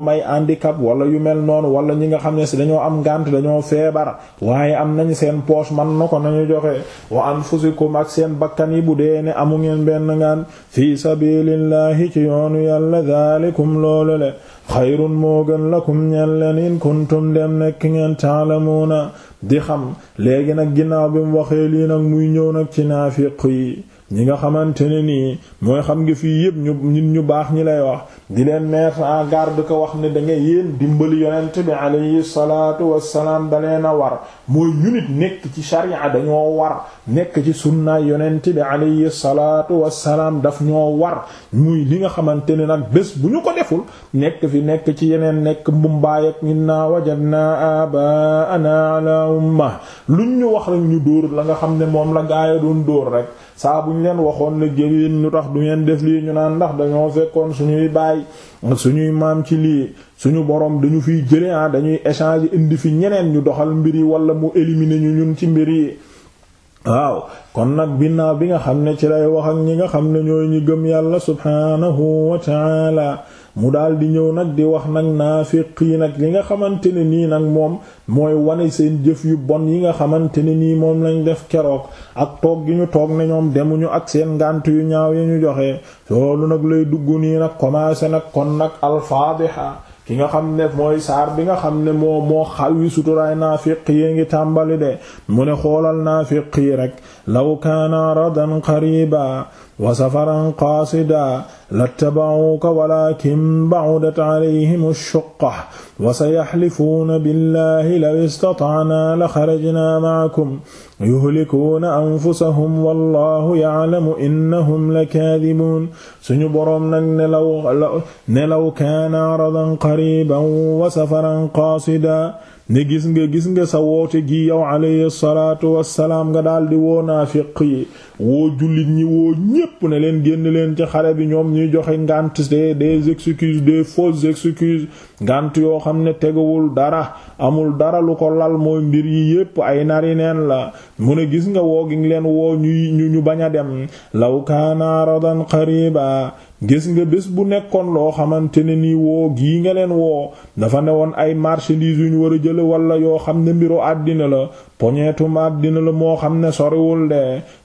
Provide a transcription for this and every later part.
may handicap wala yu mel noonu wala ñi nga xam ne si dañoo am ngànt dañoo feebar waaye am nañu seen poche man na ko nañu joxe wa anfusikum ak seen bakkan yi bu dee ne amu ngeen benn ngaan fi sabilillahi ci yoonu yàlla daalikum loolu le xayrun moo gën lakum ñeen leen in kuntum dem nekk ngeen taalamuuna di xam léegi nag ginnaaw bi mu waxee lii nag muy ñëw nag ci naafiq yi ñi nga xamante ne nii mooy xam nga fii yëpp ñu ñun ñu baax ñi lay wax di leen mettre en garde ko wax ne da nga dimbali yonent bi alayhi salaatu wassalaam da leen a war mooy ñu nit nekk ci sharia dañoo war nekk ci sunnaay yonent bi alayhi salaatu wassalaam daf ñoo war muy li nga xamante ne nag bés bu ñu ko deful nekk fi nekk ci yeneen nekk mbumbaay ak inna wajadna abaana ala umma luñ ñu wax rek ñu dóor la nga xam ne moom la gaaya doon dóor rek saa bu ñu leen waxoon ne jëleen ñu tax du ngeen def lii ñu naan ndax dañoo fekkoon suñuy baay suñuy maam ci lii suñu borom dañu fiy jële ah dañuy échanger indi fi ñeneen ñu doxal mbir yi wala mu éliminer ñu ñun ci mbir yi waaw kon nag binnaaw bi nga xam ne ci lay wax ak ñi nga xam ne ñooy ñi gëm yàlla subhanahu wa mu daal di ñëw nag di wax nag naafiq yi nag li nga xamante ne nii nag moom mooy wane seen jëf yu bon yi nga xamante ne nii moom lañ def keroog ak toog gi ñu toog ne ñoom demuñu ak seen ngànt yu ñaaw yi ñu joxe lu nag lay dugg nii nag commencé nag kon nag alfaadiha ki nga xam ne mooy saar bi nga xam ne moo moo xaw yi suturaay naafiq yi ngi tàmbali de mu ne xoolal naafiq yi rek law kaana radan qariba wa safaran qaasida lattaba'uuka walakin ba'udat alayhim ash-shuqqa wa sayahlifuuna billahi law istata'naa la xarajnaa ma'akum yuhlikuuna anfusahum wallahu ya'lamu innahum lakaadibuun suñu boroom nag ne law ne law kaana aradan qariban wa safaran qaasida ne gis nga gis nga sa woote gi yow alayhi salaatu wassalaam nga daldi woo naafiq yi woo jullit ñi woo ñépp ne leen génn leen ci xare bi ñoom ñuy joxe ngànt des excuses des fausses excuses ngànt yoo xam ne teguwul dara amul dara lu ko lal mooy mbir yi yépp ay nari neen la mu ne gis nga woo gi leen woo ñuy ñu ñu bañ a dem law kaana aradan gis nga bés bu nekkoon loo xamante ne nii woo gii nga leen woo dafa ne woon ay marchandises yu ñu war a jële wala yoo xam ne mbiru àddina la poñeetum àddina la moo xam ne soriwul de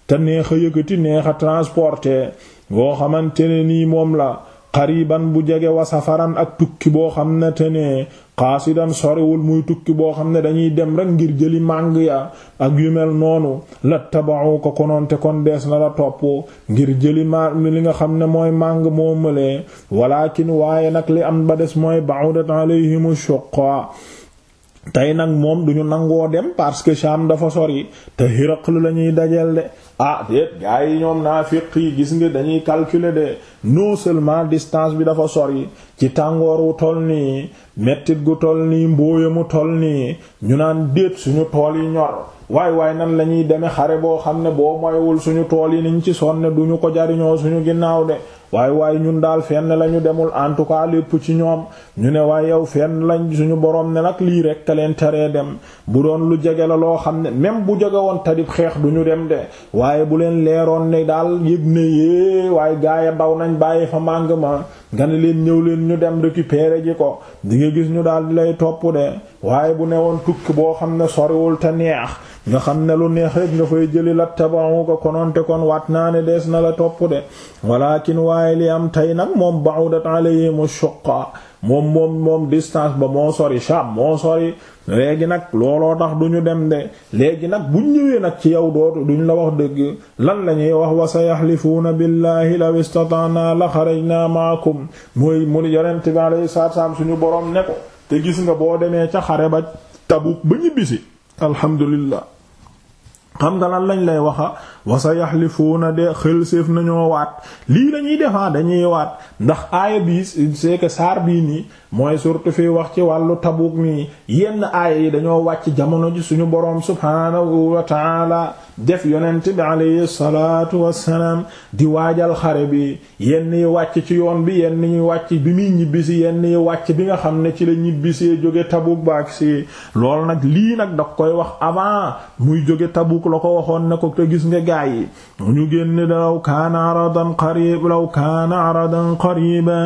te neex a yëkkati neex a transporter yoo xamante ne nii moom la xariban bu jege wa safaran ak tukki boo xam ne te ne xaasidan sorewul muy tukki boo xam ne dañuy dem rek ngir jëli màng ya ak yu mel noonu la tabaxu ko konoonte kon dees na la topp ngir jëli ma li nga xam ne mooy màng moo mëlee walakin waaye nag li am ba des mooy ba'udat alayhimu shuqqa tey nag moom duñu nangoo dem parce que Sham dafa sor yi te Hiraql la ñuy dajeel de ah déet gars yi ñoom naafiq yi gis nga dañuy calculer de non seulement distance bi dafa sor yi ci tàngoor wu toll nii mettit gu toll nii mbóoya mu toll nii ñu naan déet suñu tool yi ñor waay waaye nan la ñuy demee xare boo xam ne boo moywul suñu tool yi niñ ci sonne duñu ko jariñoo suñu ginnaaw de waaye waaye ñun daal fenn la ñu demul en tout cas lépp ci ñoom ñu ne waaye yow fenn lañ suñu borom ne nag lii rek ka leen teree dem bu doon lu jege la loo xam ne même bu jege woon tadib xeex du ñu dem de waaye bu leen leeroon ne daal yëg ne yee waaye gaaya daw nañ bàyyi fa màng ma nga ne leen ñëw leen ñu dem récupérer ji ko di nga gis ñu daal di lay topp de waaye bu ne woon tukki boo xam ne soriwul te neex nga xam ne lu neex rek nga fay jëli la tabaxu ko kononte kon waat naa ne dees na la topp de walakin waaye li am tey nag moom ba'udat alayhimu shuqqa moom moom moom distance ba moo sori Sham moo sori léegi nag looloo tax du ñu dem de léegi nag buñ ñëwee nag ci yow dootu duñu la wax dëgg lan lañuy wax wa sayahlifuuna billahi law istata'na la naa maakum mooy mu yonent bi alayhi salaam suñu boroom ne ko te gis nga boo demee ca xare ba Tabuk ba ñibbisi alhamdulillah xam nga lan lañ lay waxa wasa na de xëlséef nañoo waat lii la ñuy defaa ah, dañuy waat ndax aaya bi c'est saar bii nii mooy surtout fii wax ci wàllu Tabuk nii yenn aaya yi dañoo wàcc jamono ji suñu boroom subhaanahu wa taala def yonent bi alayhi salaatu wassalaam di waajal xare bi yenn yi wàcc ci yoon bi yenn yi wàcc bi muy ñibbisi yenn yi wàcc bi nga xam ne ci la ñibbisee jóge Tabuk baak si lool nag lii nag da koy wax avant muy jóge Tabuk la ko waxoon ne ko te gis nga gaa yi ñu génn law kaana aradan qarib law kaana aradan qariba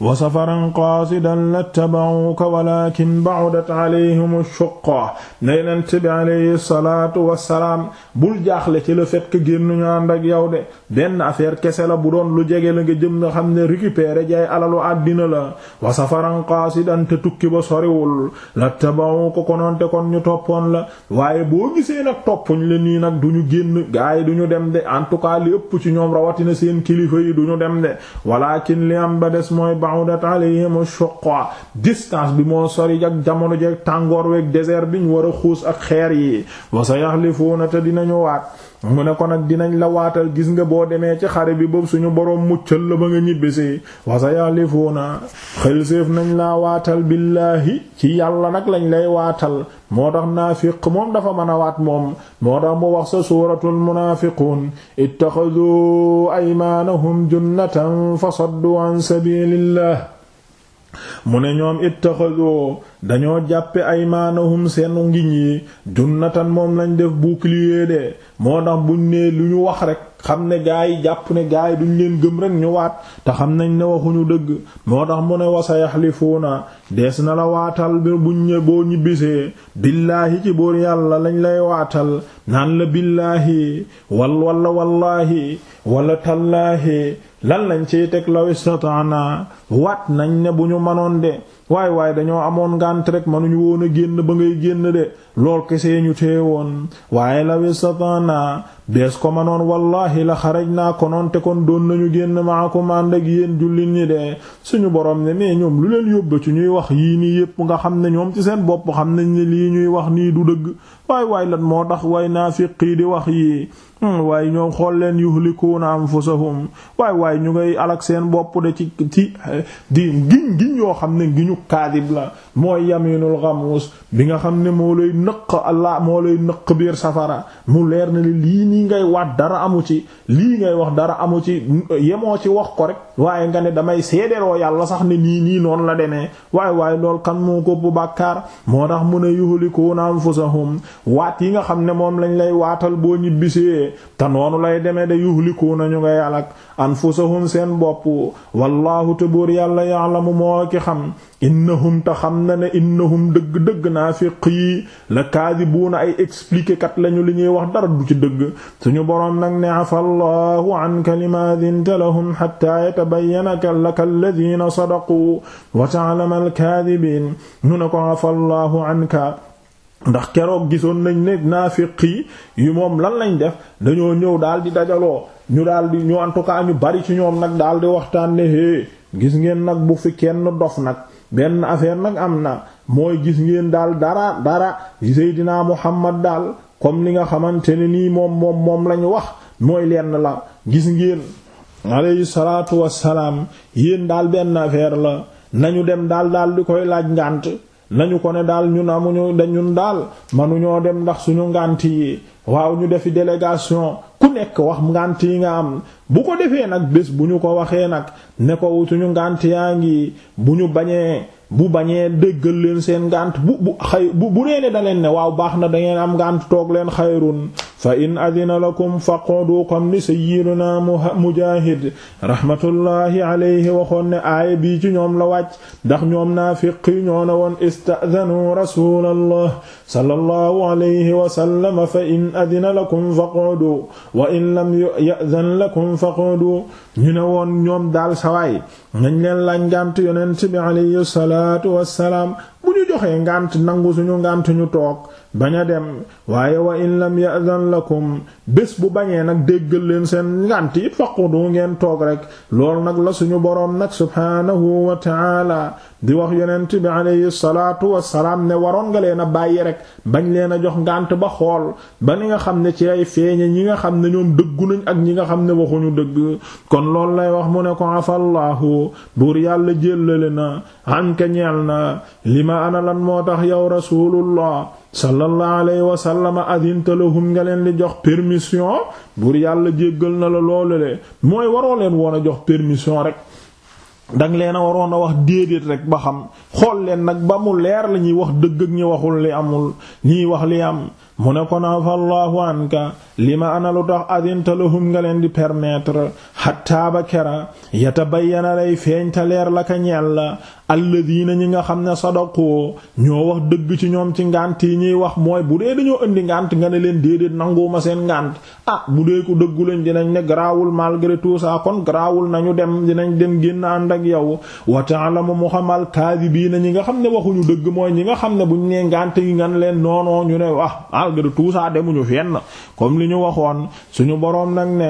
wa safaran qaasidan lattaba'uuka walaakin ba'udat alayhim ash-shuqqa ne Yonent bi alayhi salaatu wassalaam bul jaaxle ci la fait que génnuñu ànd ak yow de benn affaire kese la bu doon lu jege la nga jëm nga xam ne récupérer jaay alalu àddina la wa safaran qaasidan te tukki ba soriwul lattaba'uuka konoonte kon ñu toppoon la waaye boo gisee nag toppuñ la nii nag du ñu génn gaa yi du ñu dem de en tout cas li ëpp ci ñoom rawatina seen kilifa yi du ñu dem de ba'udat alayhim shuqqa distance bi moo sori ak jamono jeeg tàngoor weeg désert bi ñu war a xuus ak xeer yi wa sayahlifuuna te dinañu waat mu ne ko nag dinañ la waatal gis nga boo demee ci xare bi boobu suñu boroom muccal la ba nga ñibbisi wasa yalifuuna xel séef nañ laa waatal billaahi ci yàlla nag lañ lay waatal moo tax naafiq moom dafa mën a waat moom moo tax mu wax sa suuratul munaafiquun ittaxaduu aymaanahum junnatan fasaddu an sabiilillah mu ne ñoom ittaxadoo dañoo jàppe aymaanahum seen ngiñ yi junnatan moom lañ def bouclier de moo tax buñ nee lu ñu wax rek xam ne gaa yi jàpp ne gaa yi duñ leen gëm rek ñu waat te xam nañ ne waxuñu dëgg moo tax mu ne wasayaxlifuuna dees na la waatal bi buñ ñë boo ñibbisee billaahi ci boor yàlla lañ lay waatal naan la billaahi wal walla wallaahi wala tallaahi lan lañ ciy teg law istata'na waat nañ ne bu ñu manoon de waaye waaye dañoo amoon ngànt rek manuñu woon a génn ba ngay génn de lool kese ñu woon waaye law istata'na dees ko ma manoon wallaahi la xaraj naa konoon te kon doon nañu génn maakum ànd ak yéen jullit ñi de suñu boroom ne mais ñoom lu leen yóbbu ci ñuy wax yii nii yépp nga xam ne ñoom ci seen bopp xam nañ ne lii ñuy wax nii du dëgg waay waay lan moo tax waay naafiqii di wax yii hmm, waaye ñoom xool leen yuhlikuuna anfusahum waay waay ñu ngay alak seen bopp de ci ci di ngiñ yoo xam ne ngiñu kaadib la mooy yaminul ghamus bi nga xam ne moo lay nëq Allah moo lay nëq biir safara mu leer na lii lii ngay waat dara amu ci lii ngay wax dara amu ci yemoo ci wax ko rek waaye nga ne damay seedeloo yàlla sax ne nii nii noonu la demee waaye waaye lool kan moo ko bu bàkkaar moo tax mu ne yuhlikuuna anfusahum waat yi nga xam ne moom lañ lay waatal boo ñibbisee te noonu lay demee de yuhlikuuna ñu ngay alak anfusahum seen bopp wallaahu te buur yàlla ya'lamu moo ki xam innahum te xam na ne innahum dëgg-dëgg naafiq yi la kaadibuuna ay expliqué lañu li ñuy wax dara du ci dëgg suñu boroom nag ne afa allahu anka lima dinta lahum xatta yatabayyana laka alladina sadaqu wa ta'lama ñu ne ko afa ndax keroog gisoon nañ ne naafiq yi moom lan lañ def dañoo ñëw daal di dajaloo ñu daal di ñu en ñu bari ci ñoom nag daal di waxtaan ne hé gis ngeen nag bu fi kenn dof nag benn affaire nag am na mooy gis ngéen daal dara dara Seydina Muhammad daal comme li nga xamante ne nii moom moom moom lañu wax mooy lenn la gis ngeen alayhi salaatu wassalaam yéen daal benn affaire la nañu dem daal daal di koy laaj ngànt nañu ko ne daal ñun amuñu dañun daal manuñoo dem ndax suñu ngànt yi waaw ñu defi délégation ku nekk wax ngànt yi nga am bu ko defee nag bés bu ñu ko waxee nag ne ko wutuñu ngànt yaa ngi bu ñu bañee bu bañee déggal leen seen ngànt bu bu xay bu bu nee ne da leen ne waaw baax na da ngeen am ngànt toog leen xayrun fa in adina lakum faqudu comme ni sayyidina Mujaahid rahmatullahi alayhi waxoon ne aaya bii ci ñoom la wàcc ndax ñoom naafiq yi ñoo ne woon ista'danu rasulallah sallallahu alayhi wa lakum faqudu wa lam ya'zan lakum faqudu ñu ne woon ñoom daal sawaay nañ leen lañ bi alayhi salaatu wassalaam bu ñu joxee ngànt nangu suñu ngànt ñu toog bañ a dem waaye wa in lam ya'zan lakum bés bu bañee nag déggal leen seen ngànt it faqudu ngeen toog rek lool nag la suñu boroom nag subhaanahu wa ta'ala di wax yonent bi alayhi salaatu wassalaam ne waroon nga leen a bàyyi rek bañ leen a jox ngànt ba xool ba ni nga xam ne ci ay feeñe ñi nga xam ne ñoom dëggu nañ ak ñi nga xam ne waxuñu dëgg kon loolu lay wax mu ne ko afallaahu buur yàlla jéllale na anka ñeel na li ma ana lan moo tax yow rasulullah sallallahu alayhi la sallam adinta lahum nga leen li jox permission buur yàlla jéggal na la loolu le mooy waroo leen woon a jox permission rek danga leen a waroon a wax déedéet rek ba xam xool leen nag ba mu leer la ñuy wax dëgg ak ñi waxul li amul ñuy wax li am mu ne ko na fa Allahu anka li ma ana lu tax adinta lahum nga leen di permettre xattaa ba kera yatabayyana lay feeñ te leer la ka ñeel la alladina ñi nga xam ne sadaqoo ñoo wax dëgg ci ñoom ci ngànt yi ñuy wax mooy bu dee dañoo indi ngànt nga ne leen déedéet ma seen ngànt ah bu dee ko dëggu lañ dinañ ne garaawul malgré tout ça kon garaawul nañu dem dinañ dem génn ànd ak yow wa ta'lamu mu xamal kaadibiina ñi nga xam ne waxuñu dëgg mooy ñi nga xam ne bu nee ngànt yi ngan leen noonoo ñu ne wax ah malgré tout ça demuñu li ñu waxoon suñu boroom nag ne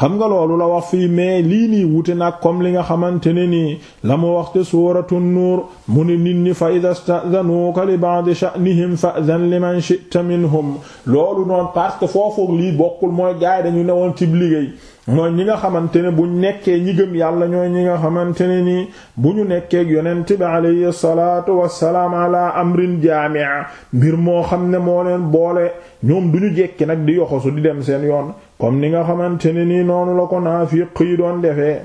xam nga loolu la wax fii mais lii nii wute nag comme li nga xamante ne nii la mu wax te suuratu nuur mu ne nit ñi fa ida sta'danuuka li ba'di sha'nihim fa'zan liman shi'ta minhum loolu noonu parce que foofu lii bokkul mooy gaay dañu woon ci liggéey mooy ñi nga xamante ne buñ nekkee ñi gëm yàlla ñooy ñi nga xamante ne nii bu ñu nekkee yonent bi alayhi salaatu wassalaam ala amrin jaamia mbir moo xam ne moo leen boole ñoom duñu jekki nag di yoxosu di dem seen yoon kon ni nga xamante ne nii noonu la ko naafiq yi doon defee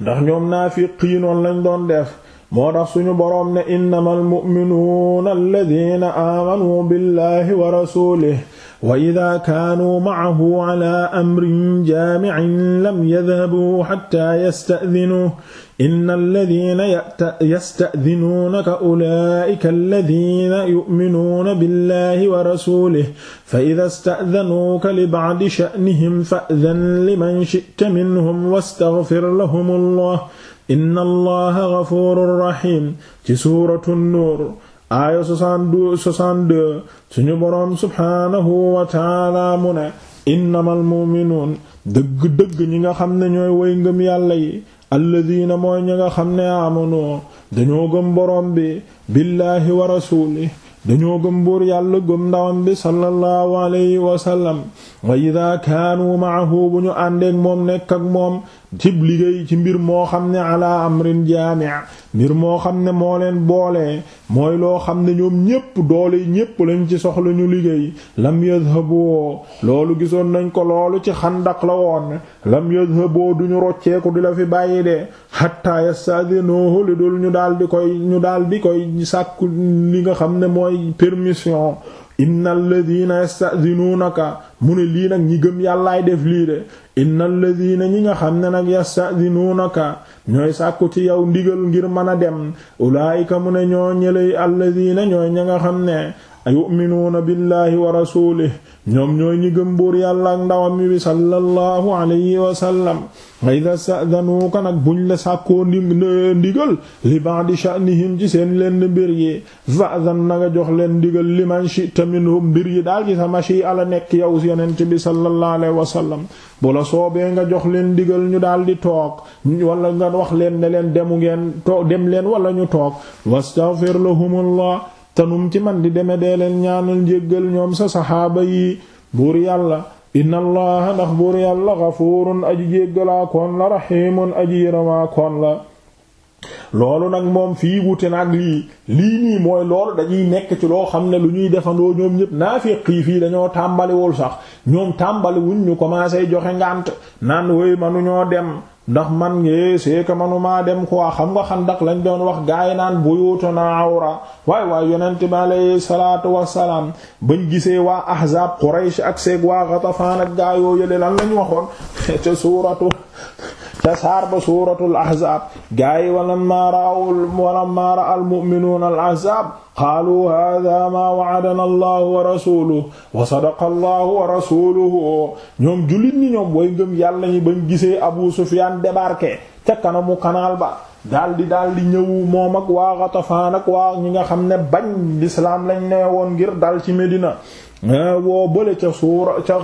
ndax ñoom naafiq yi noonu lañ doon def moo tax suñu boroom ne innamal mu'minuuna alladina aamanuu billahi wa rasulihi wa idaa kaanuu macahu ala amrin jaamicin lam yadhabuu xatta yasta'dinuuhu inna alladiina yasta'dinuunaka ulaa'ika alladiina yu'minuuna billaahi wa rasuulihi fa idaa ista'danuuka li bacdi sha'nihim fa'dan liman shi'ta minhum wastaghfir lahum allaah inna allaaha gafuurun rahiim ci suuratu nuur aaya 62 62 suñu boroom subhaanahu wa taala mu ne innamal mu'minuun dëgg-dëgg ñi nga xam ne ñooy way ngëm yàlla yi alladina mooy ñi nga xam ne aamano dañoo gëm boroom bi billaahi wa dañoo gëm buur yàlla gëm ndawam bi sallallahu alayhi wa wa idaa kaanu ma'ahu bu ñu àndeek moom nekk moom cib liggéey ci mbir moo xam ne ala amrin a mbir moo xam ne moo leen boolee mooy loo xam ne ñoom ñépp doole ñépp lañ ci soxla ñu liggéey lam yadhhabu loolu gisoon nañ ko loolu ci xandak la woon lam du ñu rocceeku di la fi bàyyi de hatta yastadhinuhu li dul ñu daal di koy ñu daal di koy sàkku li nga xam ne mooy permission innal ladina yasta'dinunaka mu ne lii nag ñi gëm yàllaay def lii de innal ladina ñi nga xam ne nag yasta'dinunaka ñooy sàkku ci yow ndigal ngir mën a dem ulaayika mu ne ñoo ñëlay alladina ñooy ña nga xam ne yu'minuuna billaahi wa rasuulihi ñoom ñooy ñi gëm buur yàlla ak ndawam bi sallallahu alayhi wa sallam wa idha sta'danuuka nag buñ la sàkkoo ndi ndigal li ba'di di seen lenn mbir yi fa'zan na nga jox leen ndigal li man mbir yi daal ci sa machi ala nekk yow yonent bi sallallahu alayhi wa sallam bu la soobee nga jox leen digal ñu daal di toog walla nga wax leen ne leen demu ngeen toog dem leen wala ñu toog wastaghfir tanum ci man di deme dee leen ñaanal njéggal ñoom sa saxaaba yi buur yàlla inna allaha ndax buur yàlla gafuurun aji jéggalaa koon la raxiimun aji yërëmaa koon la loolu nag moom fii wute nag lii lii nii mooy loolu dañuy nekk ci loo xam ne lu ñuy defandoo ñoom ñëpp naafiq fii dañoo tàmbaliwul sax ñoom tàmbaliwuñ ñu commencé joxe ngànt naan woy manu ñoo dem ndax man ngee c'est ma manumaa dem quoi xam nga xandak lañ doon wax gaay naan buyutuna awra waay waay yonente bi alayhi salaatu wassalaam bañ gisee waa ahzaab Quraysh ak seeg waa Ghatafaan ak gaayoo yële lan lañ waxoon ca suuratu te saar ba suuratul ahzaab gaa yi walammaa ra'awul walammaa ra'al qaalu haadaa maa wa'adanaa allahu wa wa sadaqa allahu wa ñoom jullit ñoom way ngëm yàlla ñi bañ gisee Abu Sufyaan débarqué ca kanamu kanaal ba daal di daal di ñëw moom ak waa ñi nga xam ne bañ lislaam lañ nee woon ngir dal ci Medina woo bële ca suura ca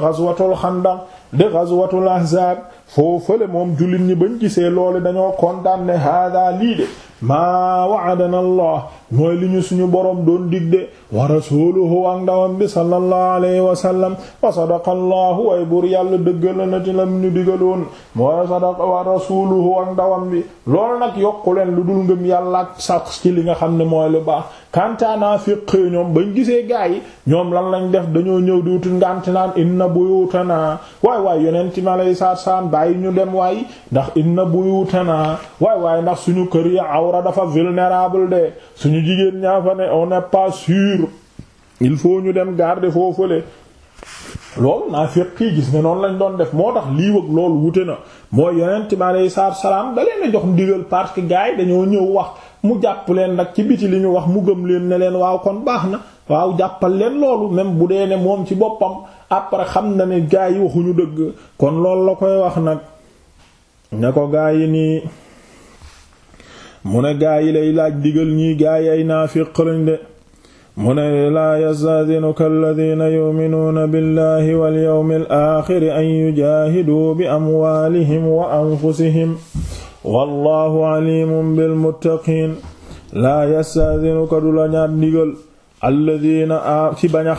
de ghazwatul ahzaab foofale moom jullit ñi bañ gisee loolu dañoo condamné hada lii de maa wa'adana allah mooy li ñu suñu boroom doon dig de wa rasuluhu ak ndawam bi sallallahu alayhi wa sallam wa sadaqa allahu way buur yàlla dëggala na ti lam ñu digaloon wa sadaqa wa rasuluhu ak ndawam nag yokku leen lu dul ngëm yàlla ak sax ci li nga xam ne mooy lu baax kantaanaa féqee ñoom bañ gisee gaa ñoom lan lañ def dañoo ñëw di wutu ngànti naan inna buyutana waay waay yonenti bàyyi ñu dem waay ndax na inna tenaa waay waaye ndax suñu kër yi awra dafa vulnérable de suñu jigéen ñaa fa ne on n'est pas sûr il faut ñu dem garder foofule loolu naa fekk yi gis ne noonu lañ doon def moo tax lii wëg loolu wute na mooy yonent bi aleyhi salaatu salaam da leen a jox ndigal parce que gars yi dañoo ñëw wax mu jàpp leen nag ci biti li ñu wax mu gëm leen ne leen waaw kon baax na waaw jàppal leen loolu même bu dee ne moom ci boppam après xam na ne gaa ñu dëgg kon loolu la koy wax nag ne ko gaa yi nii mu ne gaa yi lay laaj digal ñii gaa yi ay naafiq de mu ne laa yastaadinuka alladina yuminuuna billahi wal yawmil aaxiri an yujaahiduu bi amwaalihim wa anfusihim wallahu alimun bilmuttaqiin laa yastaadinuka du la ñaat digal alladina a ci bañ a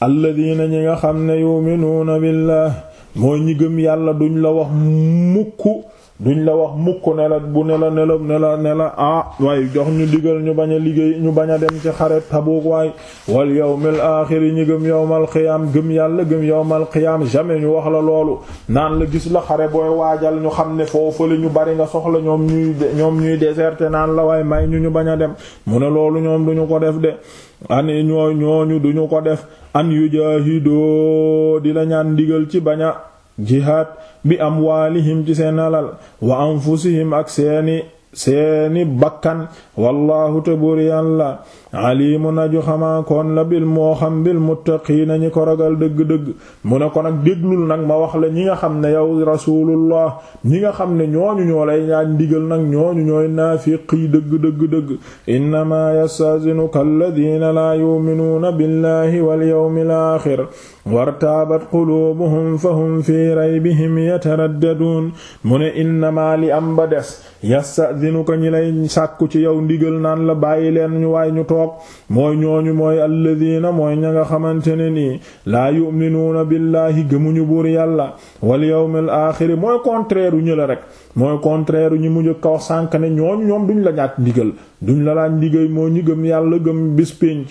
alladina ñi nga xam ne yuminuuna billah moo ñi gëm yàlla duñ la wax mukk duñ la wax mukk ne la bu ne la ne la ne la ne ah waaye jox ñu digal ñu bañ a liggéey ñu bañ a dem ci xare Tabuuk waay wal yow yawmil aaxir ñi gëm yawmal qiyaam gëm yàlla gëm yawmal qiyaam jamais ñu wax la loolu naan la gis la xare booy waajal ñu xam ne foofu la ñu bari nga soxla ñoom ñuy ñoom ñuy déserté naan la waaye may ñu ñu bañ a dem mu ne loolu ñoom duñu ko def de an ñoo ñooñu duñu ko def an yujaahidoo di lañaan ñaan digal ci baña jihaad bi amwaalihim ci seen alal wa anfusihim ak seeni seeni bakkan wallaahu te buur alimu naju xamaa kon la bil moo xam bil muttaqiina ñi ko ragal dëgg-dëgg mu ne ko nag déglul nag ma wax la ñi nga xam ne yow rasulullah ñi nga xam ne ñooñu ñoo lay ñaan ndigal nag ñooñu ñooy naafiqi dëgg-dëgg-dëgg innamaa yastazinuka alladina laa yuminuuna billahi wal yawmil aaxir wartaabat quluubuhum fahum fi raybihim yataraddaduun mu ne innamaa li am ba des yastazinuka ñi lay sàkku ci yow ndigal naan la bàyyi leen ñu waay ñu toog mooy ñooñu mooy alladina mooy ña nga xamante ne nii laa yu'minuuna billaahi gëmuñu buur yàlla wal yawmil aaxiri mooy contraire ñu la rek mooy contraire ñu mujj a wax sànk ne ñooñu ñoom duñ la ñaat ndigal duñ la laaj ndigal moo ñu gëm yàlla gëm bis pénc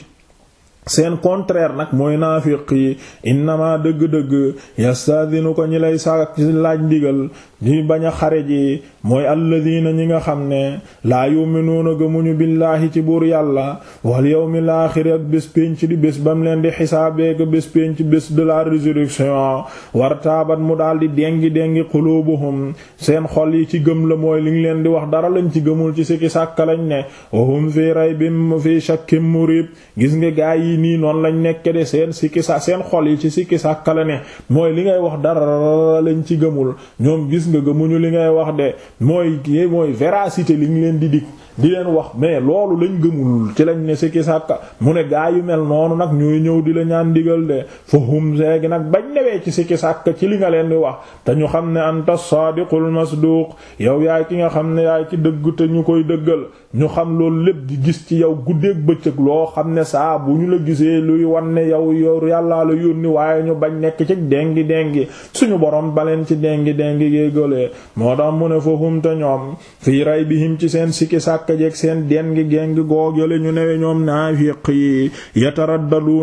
seen contraire nag mooy naafiq yi innama dëgg-dëgg yastadinu ko ñi lay sa ci laaj ndigal ñuy bañ a xare ji mooy alladina ñi nga xam ne laa yow yuminuuna gëmuñu billaahi ci buur yàlla wal yawmil aaxir ak bés pénc di bés bam leen di xisaabeeka bés pénc bés de la résurrection war taabat mu daal di dengi dengi quluubuhum seen xol yi ci gëm la mooy li ngi leen di wax dara lañ ci gëmul ci sikki sàkka lañ ne wahum fii raybin fii shakkin murib gis nga gaay yi nii noonu lañ nekke de seen sikki sa seen xol yi ci sikki sàkka la ne mooy li ngay wax dara lañ ci gëmul gis nga gëmuñu li ngay wax de mooy mooy véracité li nga leen di dig di leen wax mais loolu lañ gëmul ci lañ ne sikki sàkk mu ne gaa yu mel noonu nag ñooy ñëw di la ñaan digal de fa hum seegi nag bañ newee ci sikki sàkk ci li nga leen di wax te ñu xam ne anta saadiqul masduq yow yaay ki nga xam ne yaay ci dëgg te ñu koy dëggal ñu xam loolu lépp di gis ci yow guddeeg bëccëg loo xam ne saa bu ñu la gisee luy wan ne yow yow yàllaa la yónni waaye ñu bañ nekk ci dengi dengi suñu boroom baleen ci dengi dengi géegalee moo tax mu ne jàkka seen den gi géng goog yale ñu newe ñoom naafiq yi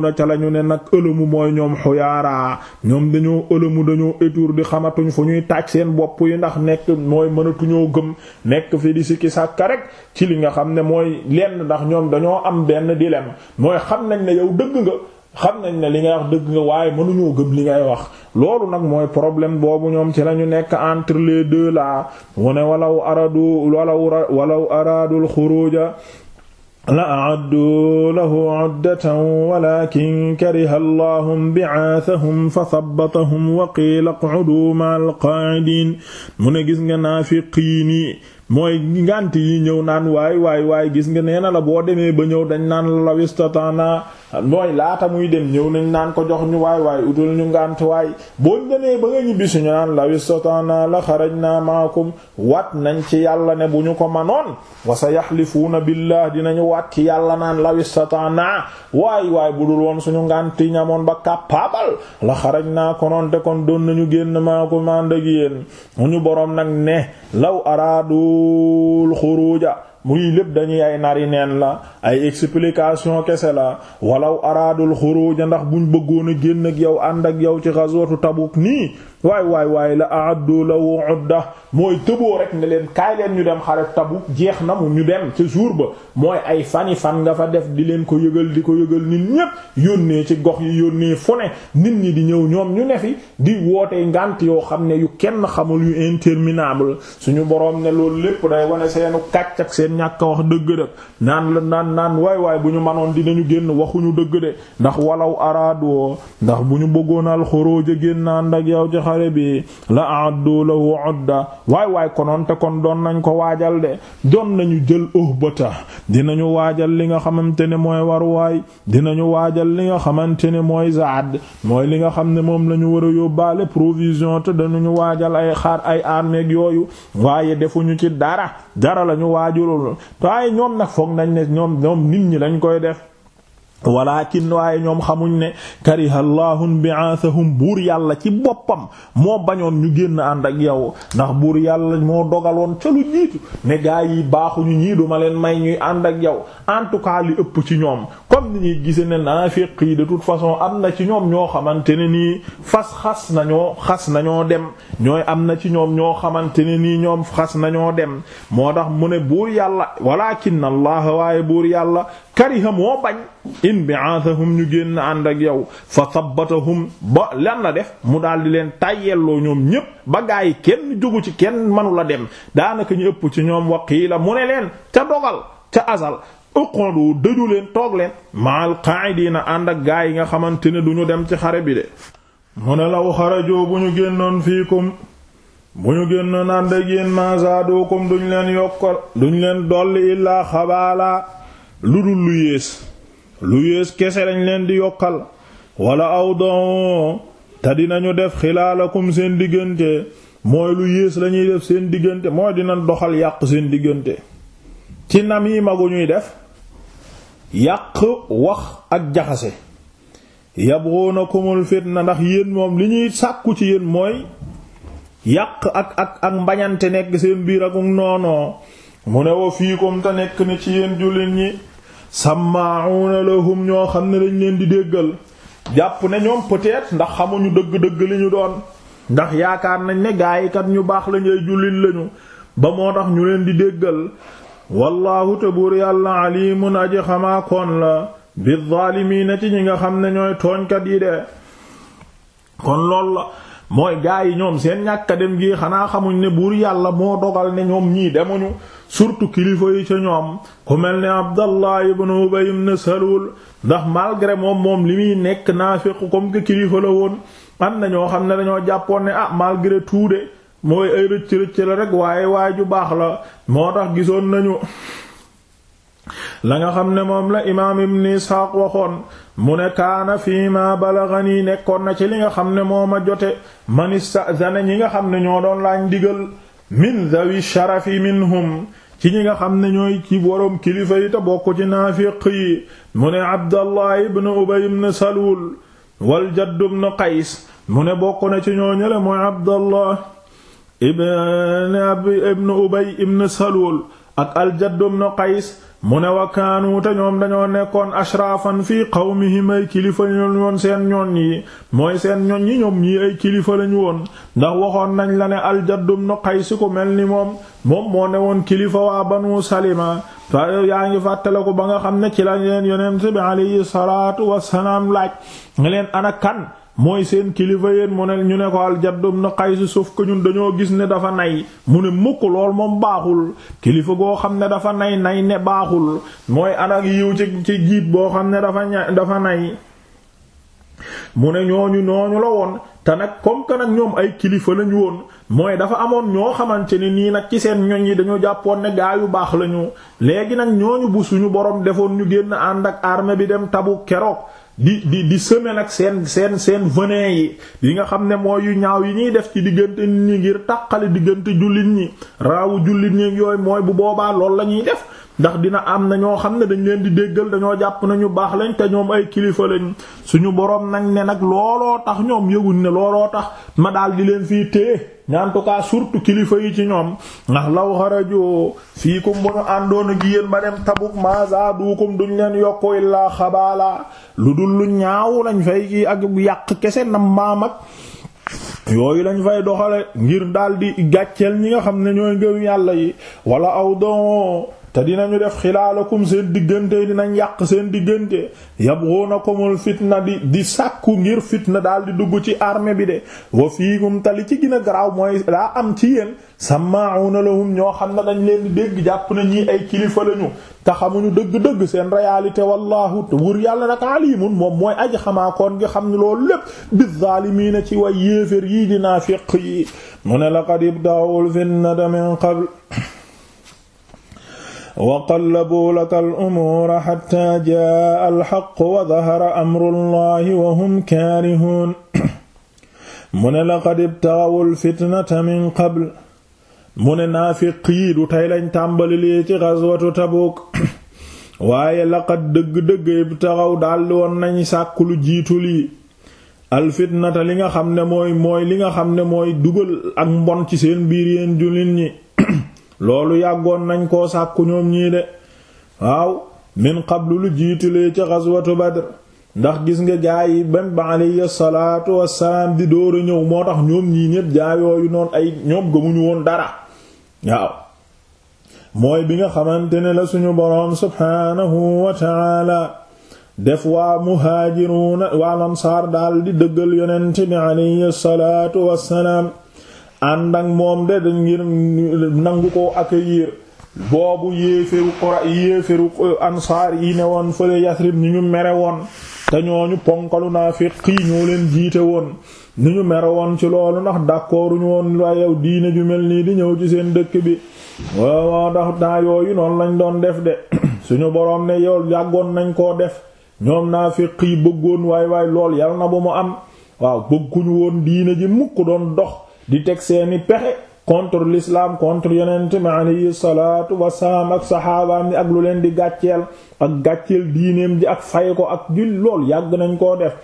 na ca la ñu ne nag ëlëmu mooy ñoom xuyaaraa ñoom dañoo ëlëmu dañoo étour di xamatuñ fu ñuy taaj seen bopp yi ndax nekk mooy mënatuñoo gëm nekk fi di sikki sàkka rek ci li nga xam ne mooy lenn ndax ñoom dañoo am benn di dilemme mooy xam nañ ne yow dëgg nga xam nañ ne li ngay wax dëgg nga waaye mënuñoo gëm li ngay wax loolu nag mooy problème boobu ñoom ci lañu nekk entre les deux là mu ne walaw aradu walaw walaw aradul xuruja la a'addu lahu 'uddatan walakin kariha Allahu bi'aathahum fa thabbatahum wa qiila q'udu ma'al qaa'idiin mu ne gis nga naafiqiini mooy ngànt yi ñëw naan waay waay waay gis nga nee na la boo demee ba ñëw dañ naan la law istataana mooy laata muy dem ñëw nañ naan ko jox ñu waay waay utul ñu ngànt waay boo demee ba nga ñibbi suñu naan la wistatana la xarajna maakum wat nañ ci yàlla ne bu ñu ko manoon wa sa yaxlifuuna billah dinañu wat ci yàlla naan la wistatana waay waay bu dul woon suñu ngànt yi ñamoon ba kàppaabal la naa konoon te kon doon nañu génn maakum ànd ak yéen ñu boroom nag ne law araadul xuruja muy lépp dañuy ay nari neen la ay explication kese la walaw araadul xuruuj ndax buñ bëggoon a génn ak yow ànd ak yow ci ghazwatu Tabuk nii waay waay waay la a'addu lahu 'udda mooy tëboo rek ne leen kaay leen ñu dem xale tabu jeex na mu ñu dem ca jour ba mooy ay fani fan nga fa def di leen ko yëgal di ko yëgal nit ñépp yónnee ci gox yi yónnee fu ne nit ñi di ñëw ñoom ñu ne fi di woote ngànt yoo xam ne yu kenn xamul yu interminable suñu boroom ne loolu lépp day wane seenu kàcc ak seen ñàkk wax dëgg rek naan la naan naan waaye waay bu ñu manoon dinañu génn waxuñu dëgg de ndax walaw araadoo ndax bu ñu bëggoon al xare bi la a'addu lahu 'udda waay waay konoon te kon doon nañ ko waajal de doon nañu jël uhbata dinañu waajal li nga xamante ne mooy waruwaay dinañu waajal li nga xamante ne mooy zaad mooy li nga xam ne moom la ñu war a yóbbaale provision te danañu waajal ay xar ay armeeg yooyu waaye defuñu ci dara dara la ñu waajalul waaye ñoom nag foog nañ ne ñoom ñoom nit ñi lañ koy def walakin waaye ñoom xamuñ ne kariha allahun bi'athahum buur yàlla ci boppam moo bañoon ñu génn ànd ak yow ndax buur yàlla moo dogaloon ca lu jiitu ne gaa yi baaxuñu ñii duma leen may ñuy ànd ak yow en tout cas li ëpp ci ñoom comme ni ñuy gise ne naafiq yi de toute façon am na ci ñoom ñoo xamante ne nii fas xas nañoo xas nañoo dem ñooy am na ci ñoom ñoo xamante ne nii ñoom xas nañoo dem moo tax mu ne buur yàlla walakin allah waaye buur yàlla kariha moo bañ in bi'athahum ñu génn ànd ak yow fa sabbatahum ba lan la def mu daldi leen tàyyelloo ñoom ñépp ba gaa yi kenn jógu ci kenn manu la dem daanaka ñu ëpp ci ñoom waqiila mu ne leen ca dogal ca asal uqodu dëju leen toog leen ma'al qa'idina ànd ak gaa yi nga xamante ne du dem ci xare bi de mu ne law xarajoo bu ñu génnoon fiikum bu ñu génnoon ànd ak yéen ma zaadukum duñ leen yokkal duñ leen dolli illaa xabaala lu dul lu yées lu yées kese lañ leen di yokkal wala aw don te dinañu def xilaalakum seen diggante mooy lu yées lañuy def seen diggante mooy dinañ doxal yàq seen diggante ci nam yi magu ñuy def yàq wax ak jaxase yabghunakumul fitna ndax yéen moom li ñuy sàkku ci yéen mooy yàq ak ak ak mbañante nekk seen biir ak noonoo mu ne fii fiikum te nekk na ci yéen jullit ñi samaa'uuna lahum ñoo xam ne dañ leen di déggal jàpp ne ñoom peut-être ndax xamuñu dëgg-dëgg li ñu doon ndax yaakaar nañ ne gaayikat ñu baax lañ ay jullit lañu ba moo tax ñu leen di déggal wallaahu te buur yàlla alimun aji xamaa koon la bi zaalimiina ci ñi nga xam ne ñooy tooñkat yi de kon lool la mooy gaa yi ñoom seen ñàkk dem gi xanaa xamuñ ne buur yàlla moo dogal ne ñoom ñii demuñu surtout kilifa yi ca ñoom ku mel ni Abdallah ibn Ubay ibn Salul ndax malgré moom moom li muy nekk naafiq comme que kilifa la woon am na ñoo xam ne dañoo jàppoon ne ah malgré tout de mooy ay rëcc rëcc la rekk waaye waay ju baax la moo tax gisoon nañu la nga xam ne moom la imaam ibn waxoon mu ne kaana fii ma balagani nekkoon na ci li nga xam ne moo ma jote man ista'zana ñi nga xam ne ñoo doon laaj digal min zawi sharafi minhum ci ñi nga xam ne ñooy ci boroom kilifa yi te bokk ci naafiq yi mu ne abdallah ibn ubay ibn salul wal jadd ibn qays mu ne bokk na ci ñoo ñële mooy abdallah ibn abi ibn ubay ibn salul ak al jadd qays mu ne wa kaanu te ñoom dañoo nekkoon ashraafan fii qawmihim ay kilifa ñoon woon seen ñoon yi mooy seen ñoon yi ñoom ñii ay kilifa lañu woon ndax waxoon nañ la ne aljaddum no qaysi ku mel ni moom moom moo ne woon kilifa waa banu salima fa yaa ngi fàttale ko ba nga xam ne ci la leen yoneen bi alayhi salaatu wassalaam laaj nga leen ana kan mooy seen kilifa yéen mu ne ñu ne ko al-Jadd ibn Qays sauf dañoo gis ne dafa nay mu ne mukk lool moom baaxul kilifa goo xam ne dafa nay nay ne baaxul mooy anak yiw ci ci jiit boo xam ne dafa ña dafa nay mu ne ñooñu ñooñu la woon te nag comme que nag ñoom ay kilifa lañu woon mooy dafa amoon ñoo xamante ni nii nag ci seen ñoñ yi dañoo jàppoon ne gaa yu baax lañu léegi nag ñooñu bu suñu borom defoon ñu génn ànd ak armée bi dem tabu keroog di di di semer nag seen seen seen venin yi yi nga xam ne mooy yu ñaaw yi ñuy def ci diggante nit ñi ngir tàqale diggante jullit ñi raawu jullit ñi yooyu mooy bu boobaa loolu la ñuy def ndax dina am na ñoo xam ne dañu leen di déggal dañoo jàpp na ñu baax lañ te ñoom ay kilifa lañ suñu boroom nag ne nag looloo tax ñoom yëguñu ne looloo tax ma daal di leen fii téye en tout surtout kilifa yi ci ñoom ndax law xarajo fiikum bu ñu àndoon ak yéen ba dem Tabuk ma zaadukum duñ leen yokku illaa xabaala lu dul lu ñaaw lañ fay kii ak yàq kese nam maamak yooyu lañ fay doxale ngir daal di gàcceel ñi nga xam ne ñooy ngëm yàlla yi wala aw don te dina ñu def xilaalakum seen diggante dinañ yàq seen diggante yabghunakumul fitna di di sàkku ngir fitna daal di dugg ci armée bi de fii fiikum tali ci gën garaaw mooy daa am ci yéen la lahum ñoo xam ne dañ leen di dégg jàpp na ñii ay kilifa lañu te xamuñu dëgg-dëgg seen réalité wallahu wur yàlla nag alimun moom mooy aji xamaakoon gi xam ne loolu lépp bi zaalimiina ci way yéefér yii di naafiq yi mu ne laqad ibda'ul fitnata min qabl wa qallabuu laka al-umuura hattaa jaa'a al-haqqu wa dhahara amru wa hum kaarihuun mu ne laqad ibtaghawul fitnata min qabl mu ne naafiq yi du tey lañ tàmbali lii ci ghazwatu Tabuuk waaye laqad dëgg-dëgg ibtaghaw daldi woon nañ sàkk lu jiitu lii alfitnata li nga xam ne mooy mooy li nga xam ne mooy dugal ak mbon ci seen biir yeen jullit ñi loolu yàggoon nañ koo sàkku ñoom ñii de waaw min qablu lu jiitulee ci ghazwatu Badr ndax gis nga jaay yi bam ba salaatu wassalaam di dóor a ñëw moo tax ñoom ñii ñépp gaa yooyu noonu ay ñoom gëmuñu woon dara waaw mooy bi nga xamante ne la suñu boroom subhaanahu wa ta'ala def waa muhaajiruuna waa lansaar daal di dëggal yonent bi alayhi salaatu wassalaam ànd ak moom de dañ ngir nangu koo accueillir boobu yéeféru xora yéeféru euh, ansaar yi ne woon fële Yasrib ñu ñu mere woon te ñu ponkalu naafiq yi ñoo leen jiite woon ñu ñu mere woon ci loolu ndax d'accorduñu woon lu yow diine ju mel nii di ñëw ci seen dëkk bi waaw ndax naa yooyu noonu lañ doon def de suñu boroom ne yow yàggoon nañ koo def ñoom naafiq yi bëggoon waay waay lool yal na bu mu am waaw bëgguñu woon diine ji mukk doon dox di teg seeni pexe contre lislaam contre yonent mi alayhi salaatu wasalaam ak saxaabaam yi ak lu leen di gàcceel ak gàcceel diineem di ak fay ko ak jul lool yàgg nañ koo def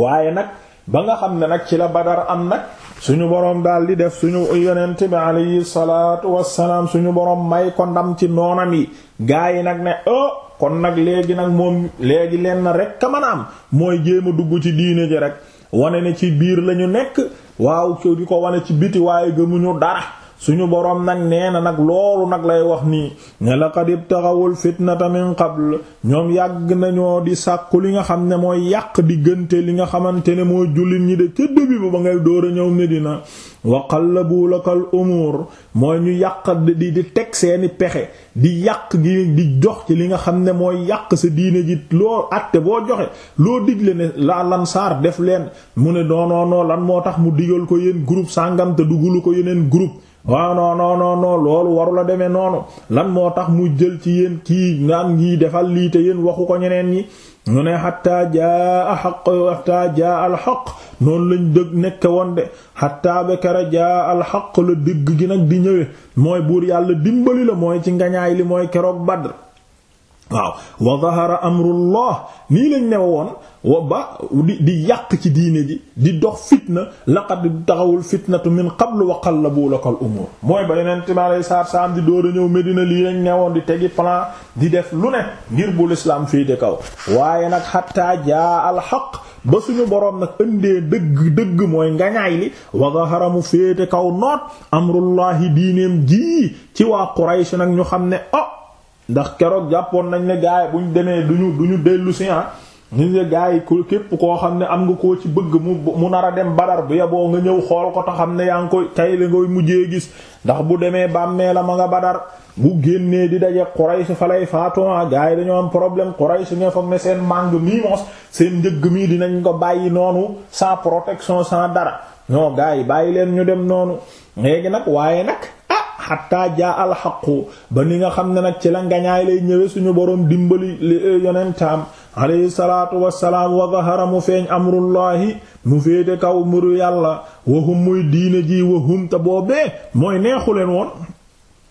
waaye nag ba nga xam ne nag ci la badar am nag suñu boroom daal di def suñu yonent bi alayhi salaatu wassalaam suñu boroom may ko ndam ci noonam yi gaa yi nag ne oh kon nag léegi nag moom léegi leen rek ka mën am mooy jéem dugg ci diine ji rek wane ne ci biir lañu nekk waaw kiw di ko wane ci biti waaye gëmuñu dara suñu boroom nag nee na nag loolu nag lay wax nii ne laqad ibtaghawul fitnata min qabl ñoom yàgg nañoo di sàkku li nga xam ne mooy yàq diggante li nga xamante ne mooy jullit ñi de ca ba ngay door a ñëw Medina wa qallabu lakal umur mooy ñu yàq di di teg seeni pexe di yàq gi di jox ci li nga xam ne mooy yàq sa diine ji loo àtte boo joxe loo digle ne la lansaar def leen mu ne doonoonoo lan moo tax mu digal ko yéen group sàngante te dugulu ko yeneen groupe waaw no non non non loolu waru la demee noonu lan moo tax mu jël ci yéen kii naan ngi defal lii te yéen waxu ko ñeneen ñi ñu ne xatta jaa xaq xatta jaa alxaq noonu lañ dëgg nekk woon de xatta bekara jaa alxaq la digg gi nag di ñëwee mooy buur yàlla dimbali la mooy ci ngañaay li mooy keroog Badr waaw wa zahara amrullah nii lañ newe woon wa ba di di yàq ci diine ji di dox fitna laqad taxawul fitnatu min qablu wa qallabu lakal umur mooy ba yeneen mi aleyi saatu salaam di door a ñëw Medina lii lañ newoon di tegi plan di def lu ne ngir bu lislaam féete kaw waaye nag xatta jaa alxaq ba suñu boroom nag ëndee dëgg dëgg mooy ngañaay li wa zahara mu féete kaw noot amrullahi diineem jii ci waa Quraysh nag ñu xam ne oh ndax keroog jàppoon nañ ne gaay buñ demee duñu duñu dellu si ah ñu ne gaay ko képp koo xam ne am nga ko ci bëgg mu mu nar a dem badar bu yeboo nga ñëw xool ko te xam ne yaa ngi koy tay la ngay mujjee gis ndax bu demee bàmmee la ma nga badar bu génnee di daje Quraysh fa lay faatoo ah gaay yi dañoo am problème Quraysh nga foog ne seen màng mii mos seen njëgg mii dinañ ko bàyyi noonu sans protection sans dara ñoo gaay yi bàyyi leen ñu dem noonu léegi nag waaye nag. xatta jaa alxaqu ba ni nga xam ne nag ci la ngañaay lay ñëwee suñu boroom dimbali eh, yonentaam alayhi salaatu wassalaam wa zahara mu feeñ amrullahi mu féete kaw mbiru yàlla wahum muy diine ji wahum te boobee mooy neexu leen woon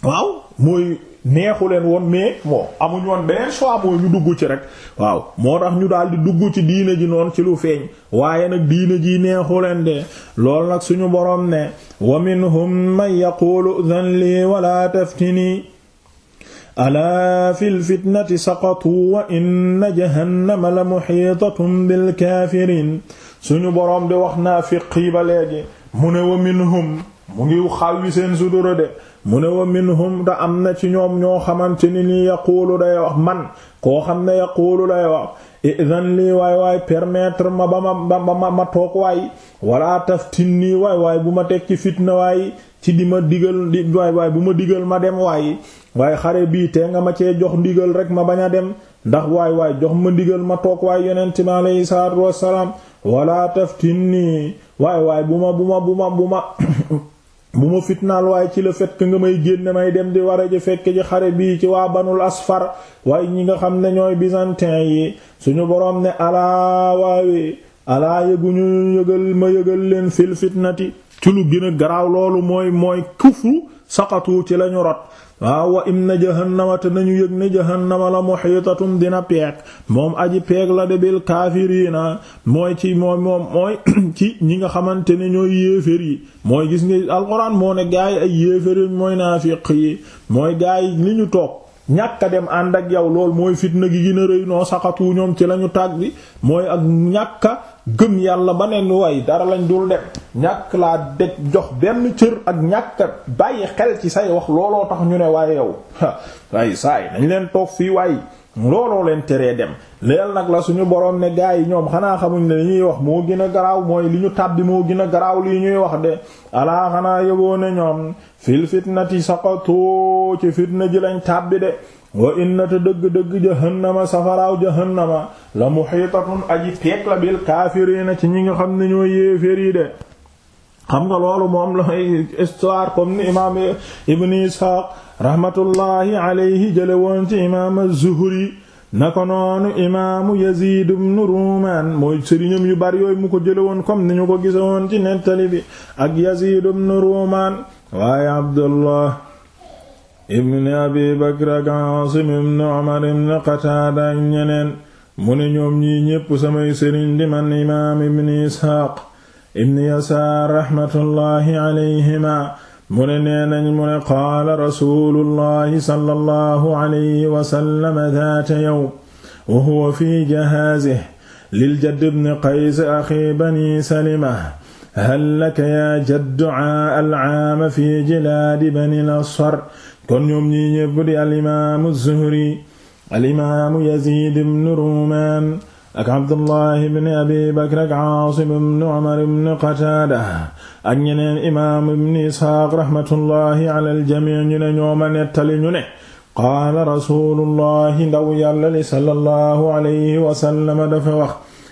waaw mooy neexu leen woon mais bon amuñ woon beneen choix mooy ñu dugg ci rek waaw moo tax ñu daal di dugg ci diine ji noon ci lu feeñ waaye nag diine ji neexu leen de lool nag suñu boroom ne wa minhum man yaqulu udhan li wala taftini alaa fil fitnati saqatu wa inna jahannama la muhiitatun bil kaafiriin suñu boroom di wax naafiq yi ba léegi mu ne wa minhum mu ngi xaw yi seen sudura de mu ne wa minhum da am na ci ñoom ñoo xamante ni nii yaquulu day wax man koo xam ne yaquulu day wax idan lii waay waay permettre ma ba ma ma ma toog waay wala taftin nii waay waay bu ma teg ci fitna waay ci di ma digal di waay waay bu ma digal ma dem waay waaye xare bii te nga ma cee jox ndigal rek ma bañ a dem ndax waay waay jox ma ndigal ma toog waay yeneen yonent mi aleyhi salaatu wassalaam wala taftin nii waay waay bu ma bu ma bu ma bu ma bu ma fitnaal waaye ci la fait que nga may génne may dem di war a ji fekk ci xare bii ci waa banul asfar waaye ñi nga xam ne ñooy byzantin yi suñu boroom ne alaa waawe alaa yëguñu yëgal ma yëgal leen fil fitnati ci lu gën a garaaw loolu mooy mooy kufu saqatu ci lañu rot waaw wa na jahannama te nañu yëg ne jahannama la muhitatun dina peeg moom aji peeg la de bil kaafiriina mooy ci moom moom mooy ci ñi nga xamante ni ñooy yéefér yi mooy gis ni alxuraan moo ne gaay ay yéefér yi mooy naafiq yi mooy gaay li ñu toog ñàkk dem ànd ak yow lool mooy fitna gi gën a rëy noo saxatu ñoom ci lañu tàgg bi mooy ak ñàkka gëm yàlla ba neen way dara lañ dul dem ñàkk laa deg jox benn cër ak ñàkk bàyyi xel ci say wax looloo tax ñu ne waaye yow waaye saay nañ leen toog fii waaye looloo leen teree dem leel nag la suñu boroom ne gaa yi ñoom xanaa xamuñ ne ñuy wax moo gën a garaaw mooy li ñu tàbbi moo gën a garaaw li ñuy wax de alaa xanaa yóboo ne ñoom fil fitnati saqatu ci fitna ji lañ tàbbi de wa innata dëgg-dëgg jahannama safaraaw jahannama la muhiitatun aji peek la bil kaafiriina ci ñi nga xam ne ñoo yéeféer yi de xam nga loolu moom la histoire comme imaam ibn Ishaq rahmatullahi alayhi jële ci imaam az na ko noonu imaamu Yazid ibn Rumaan mooy sëriñam yu bari yooyu mu ko jële woon comme ni ñu ko gisa woon ci nettali bi ak Yazid ibn Rumaan waaye Abdullah ibn Abi Bakr ak Aasim ibn Umar ibn Qataada ak ñeneen mu ne ñoom ñii ñépp samay sëriñ di man imaam ibn Isxaaq ibn Yasaar rahmatullahi alayhima mu ne nee nañ mu ne qaala rasulullahi sallallahu alayhi wasallam daata yawm wa huwa fi jahaazihi lil Jadd ibn Qays axi bani Salima hal laka yaa jadd al-aam fi jilaadi bani al-Asfar kon ñoom ñi ñépp di al-imaamu Zuhri al-imaamu Yaziid ibn Ruumaan ak Abdullah ibn Abi Bakr ak Aasim ibn Umar ibn Qataada ak ñeneen imaam ibn Isxaaq raxmatullahi ala aljamii ñu ne ñooma nettali ñu ne qaala rasuulullahi ndaw yàlla li sallallahu alayhi wasallama dafa wax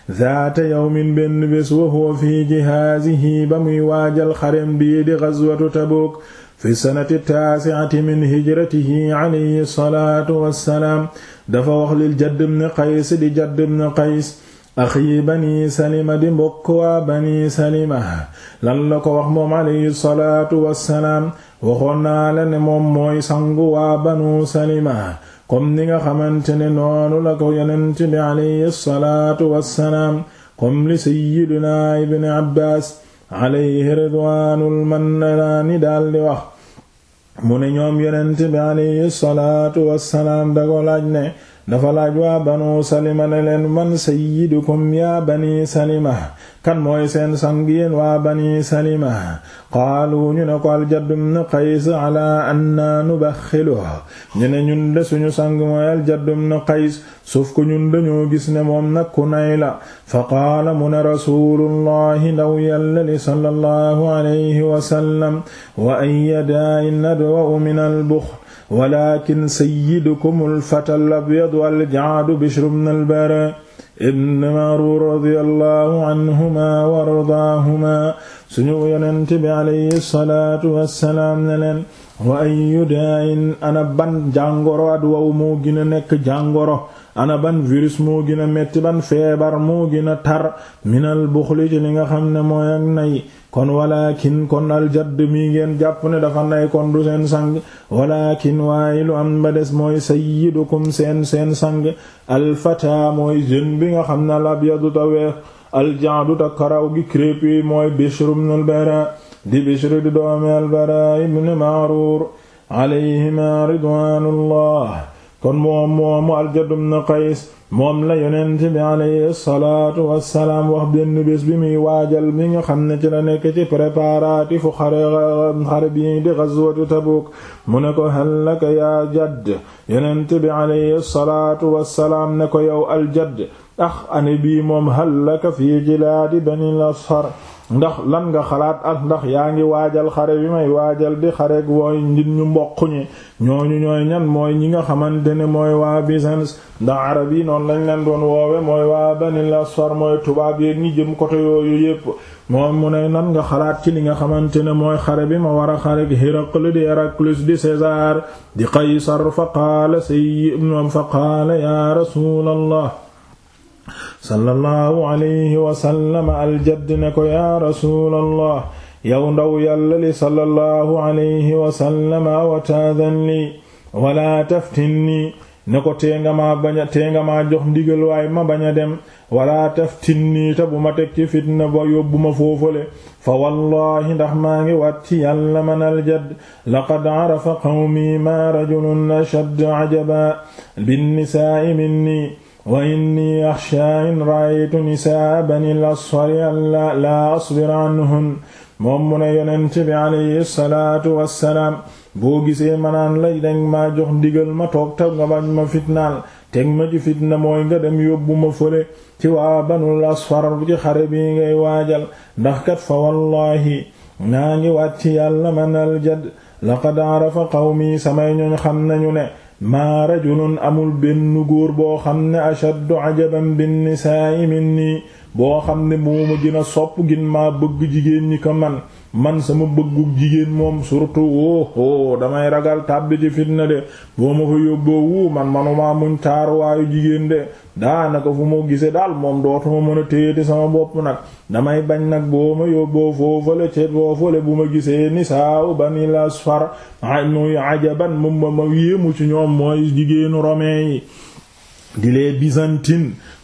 zaata yawmin benn bés wa huwa fi jihaazihi ba muy waajal xarem bii di gazwatu Tabuuk fi sanati taasi'ati min hijratihi alayhi salaatu wassalaam dafa wax lil Jadd ibn Qays di Jadd ibn Qays axi bani salima di mbokk waa bani salima lan la ko wax moom alayhi salaatu wassalaam waxoon naa la ne moom mooy sangu waa banu salima comme ni nga xamante ne noonu la ko yonent bi alayhi salaatu wassalaam comme li sayyidina ibn Abbaas alayhi ridwaanul mannalaani daldi wax mu ne ñoom yonent bi alayhi salaatu wassalaam da ko laaj ne dafa laaj waa banu salima leen man sayyidukum yaa bani salima kan mooy seen sang yéen waa bani salima qaalu ñu ne ko aljaddu ibn qays ala anna nubaxilu ñu ne ñun de suñu sang mooy aljaddu ibn qays suuf ko ñun dañoo gis ne moom nag ku nay fa qaala mu ne rasulullahi ndaw yàlla li sallallahu alayhi wa sallam wa ay yadayin adwa min al walakin sayyidukum al-fata al-abyad al-ja'd Bishr ibn al-Bara ibn Ma'rur radiyallahu anhuma wa ardaahuma suñu yonent bi alayhi salaatu wassalaam ne leen wa ayyu daa'in ana ban jàngoro adwaw moo gën a nekk jàngoro ana ban virus moo gën a metti ban feebar moo gën a tar minal buxli ci li nga xam ne mooy ak nay kon walakin kon aljadd mi jàpp ne dafa nay kon du seen sang walakin waaye lu am ba mooy sayyidukum seen seen sang alfata mooy jeune nga xam ne abyadu ta weex aljaadu ta karaw gi crépé mooy bishrum nul bara di bishru di doomi al ibn ma'rur alayhima ridwanullah moom la yonent bi alayhi salaatu wassalaam wax benn bés bi muy waajal mi nga xam ne ci la nekk ci préparatifu xare xare bi di Tabuk mu ne ko hal laka yaa jadd yonent bi alayhi salaatu wassalaam ne ko yow aljadd ax ane bii moom hal laka fii jilaadi banil asfar ndax lan nga xalaat ak ndax yaa ngi waajal xare bi may waajal di xare wooy ngir ñu mboq ñi ñu ñooy ñan mooy ñi nga xamante ne mooy waa Byzance ndax arab yi noonu lañ leen doon woowe mooy waa Banil Asfar mooy tubaab yi ñi jëm côté yooyu yépp moom mu ne nan nga xalaat ci li nga xamante ne mooy xare bi ma war a xare ak Héraclius di Héraclius di César di Qaysar fa qaala say moom fa qaala ya rasulallah sallallahu alayhi wasallam aljadd ne ko yaa rasuulallah yow ndaw yàlla li sallallahu alayhi wasallam awataadan walaa taftin ne ko tee maa jox ndigal waaye ma bañ dem walaa taftin nii bu ma teg fitna ba yóbbu ma foofale fa wallahi ndax maa ngi wàtti yàlla man aljadd laqad arafa qawmi maa rajulun ashadd ajaba binnisaa'i minni wa inni axsha in ra'aytu nisaa banil asfari an laa asbir anhun moom mu ne bi alayhi wassalaam boo gisee manaan la dang maa jox ndigal ma toog ta nga bañ ma fitnaal teg ma ci fitna mooy nga dem yóbbu ma fële ci waa banul asfar ci xare bii ngay waajal ndax kat fa wallaahi naa ngi wàcc yàlla man aljad laqad arafa qawmi samay ñoñ xam nañu ne maa rajulun amul benn góor boo xam ne ashaddu ajaban bin nisaa'i ni boo xam ne moomu gën a sopp gin maa bëgg jigéen ñi ko man man sama bëggu jigéen moom surtout woo oh, oh, woo damay ragal tàbbi ci fitna de boo ma fa yóbboo man manuma muñ taaruwaayu jigéen de daanaka fu ma gisee daal moom dootuma mën a téyati sama bopp nag damay bañ nag boo ma yóbboo foofale ci foofale bu ma gisee nisaaw banil asfar muy ajaban mu ma yéemu ci ñoom mooy jigéenu romain yi di les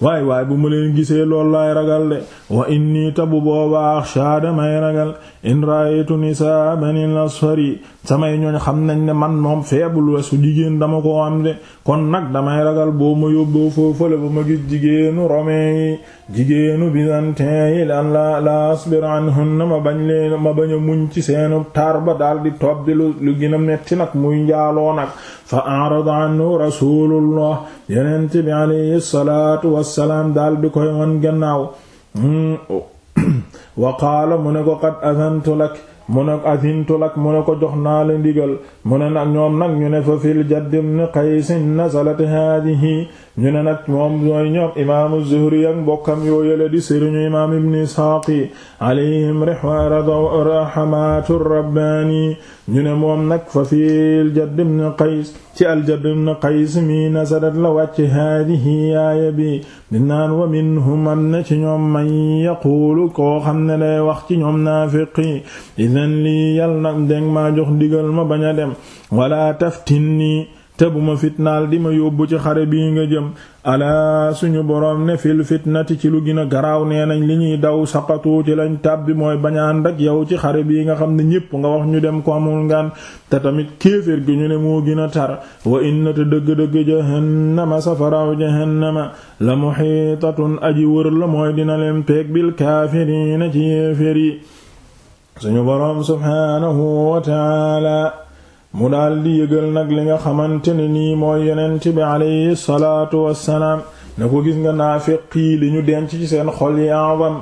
waay waay bu ma leen gisee lool laay ragal de wa inni tabu boobaa axsha damay ragal in raaytu nisaa banil asfari samay ñooñ xam nañ ne man moom feebul wesu jigéen dama ko am de kon nag damay ragal boo ma yóbboo foofale ba ma gis jigéenu romain yi jigéenu byzantin yi lan la la asbir anhunna ma bañ leen ma bañ a muñ ci seenu tar ba daal di tob di lu lu gën a metti nag muy njaaloo nag fa a'rada anhu rasulullah yonent bi alayhi salaatu wasalaam daal di koy won gannaaw hmm. wa qaala mu ne ko qad adantu lak mu ne azintu lak mu ne ko jox naa la ndigal mu ne nag ñoom nag ñu ne fa fil Jadd ibn Qays nazalat haadihi ñu ne nag moom ñooy ñoom imaamu Zuhri ak mbokkam yoo yële di sëriñu imaam ibn Isxaaqi alayhim rahmatu rabbaani ñu ne moom nag fa fi al-Jadd ibn Qays ci al-Jadd ibn Qays mi nasadat la wàcc haadihi aaya bi di naan wa minhum am na ci ñoom man yaquulu koo xam ne day wax ci ñoom naafiqi idan lii yàlla nag dég maa jox digal ma bañ a dem wala taftinni te bu ma fitnaal di ma yóbbu ci xare bii nga jëm alaa suñu boroom ne fil fitnati ci lu gën a garaaw nee nañ li ñuy daw saqatu ci lañ tàbbi mooy bañ a ànd yow ci xare bii nga xam ne ñépp nga wax ñu dem ko amul ngaan te tamit kéeféer gi ñu ne moo gën a tar wa inna te dëgg-dëgg jahannama safaraaw jahannama la muhiitatun aji wër la mooy dina leen peeg bil kaafiriina ci yéeféer yi suñu boroom subhaanahu wa mu daldi yëgal nag li nga xamante ne nii mooy yonent bi alayhi salaatu wassalaam na ko gis nga naafiq yi li ñu denc ci seen xol yi a'zam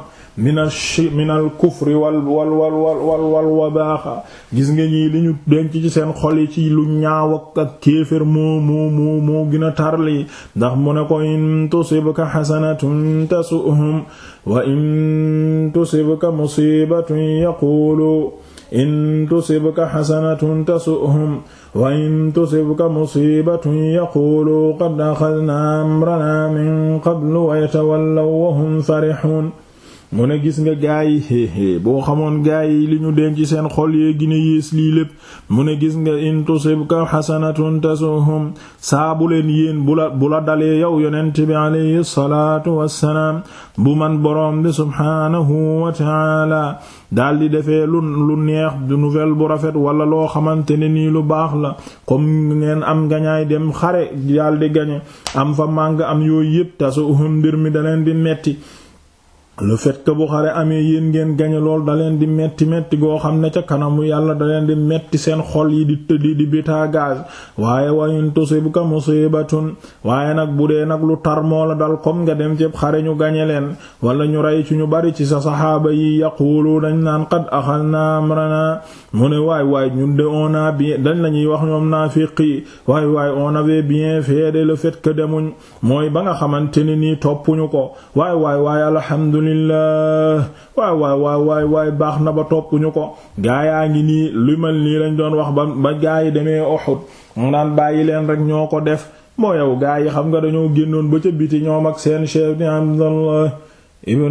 minal kufri wal wal wal wal wa gis nga ñii li ñu denc ci seen xol yi ci lu ñaaw ak ak kéefër moo moo moo gën a tarli ndax mu ne ko in tusibka xasanatun tasuhum wa tusibka musibatun yaqulu in tusibka xasanatun tasuhum wa in tusibka musibatun yaqulu qad axadna amrana min qablu wa yatawallaw wa hum farixuun mu ne gis nga gaa yi héehée boo xamoon gaa yi li ñu denc seen xol yee gine yées lii lépp mu ne gis nga intusibka xasanatun tasuhum saa bu leen yéen bu la bu la dalee yow yonent bi alayhi salaatu wassalaam bu man boroom bi subhaanahu wa taala daldi defee lu lu neex du nouvelle bu rafet wala loo xamante ne nii lu baax la comme ngeen am gañaay dem xare daldi gañe am fa màng am yooyu yépp tasuhum mbir mi daleen leen di metti le fait que bu xare amee yéen ngeen gañe lool da leen di metti metti goo xam ne ca mu yàlla da leen di metti seen xol yi di tëddi di bitaa gaz waaye wayin tusibka musibatun waaye nag bu dee nag lu tar moo la dal comme nga dem ci xare ñu gañe leen wala ñu rey ci ñu bari ci sa saxaaba yi yaqulu dañ naan qad axalna amrana mu ne waay waay ñun de on a dañ la ñuy wax ñoom naa naafiqi waay waay on avait bien fait de le fait que demuñ mooy ba nga xamante ne nii toppuñu ko waay waay alhamdulillah waay waay waaye waay baax na ba topp ko gaa yaa ngi nii lu mel nii lañ doon wax ba ba gaa yi demee Uhud naan bàyyi leen rek ñoo ko def moo gaa yi xam nga dañoo génnoon ba ca biti ñoom ak seen chef ni Abdallah ibn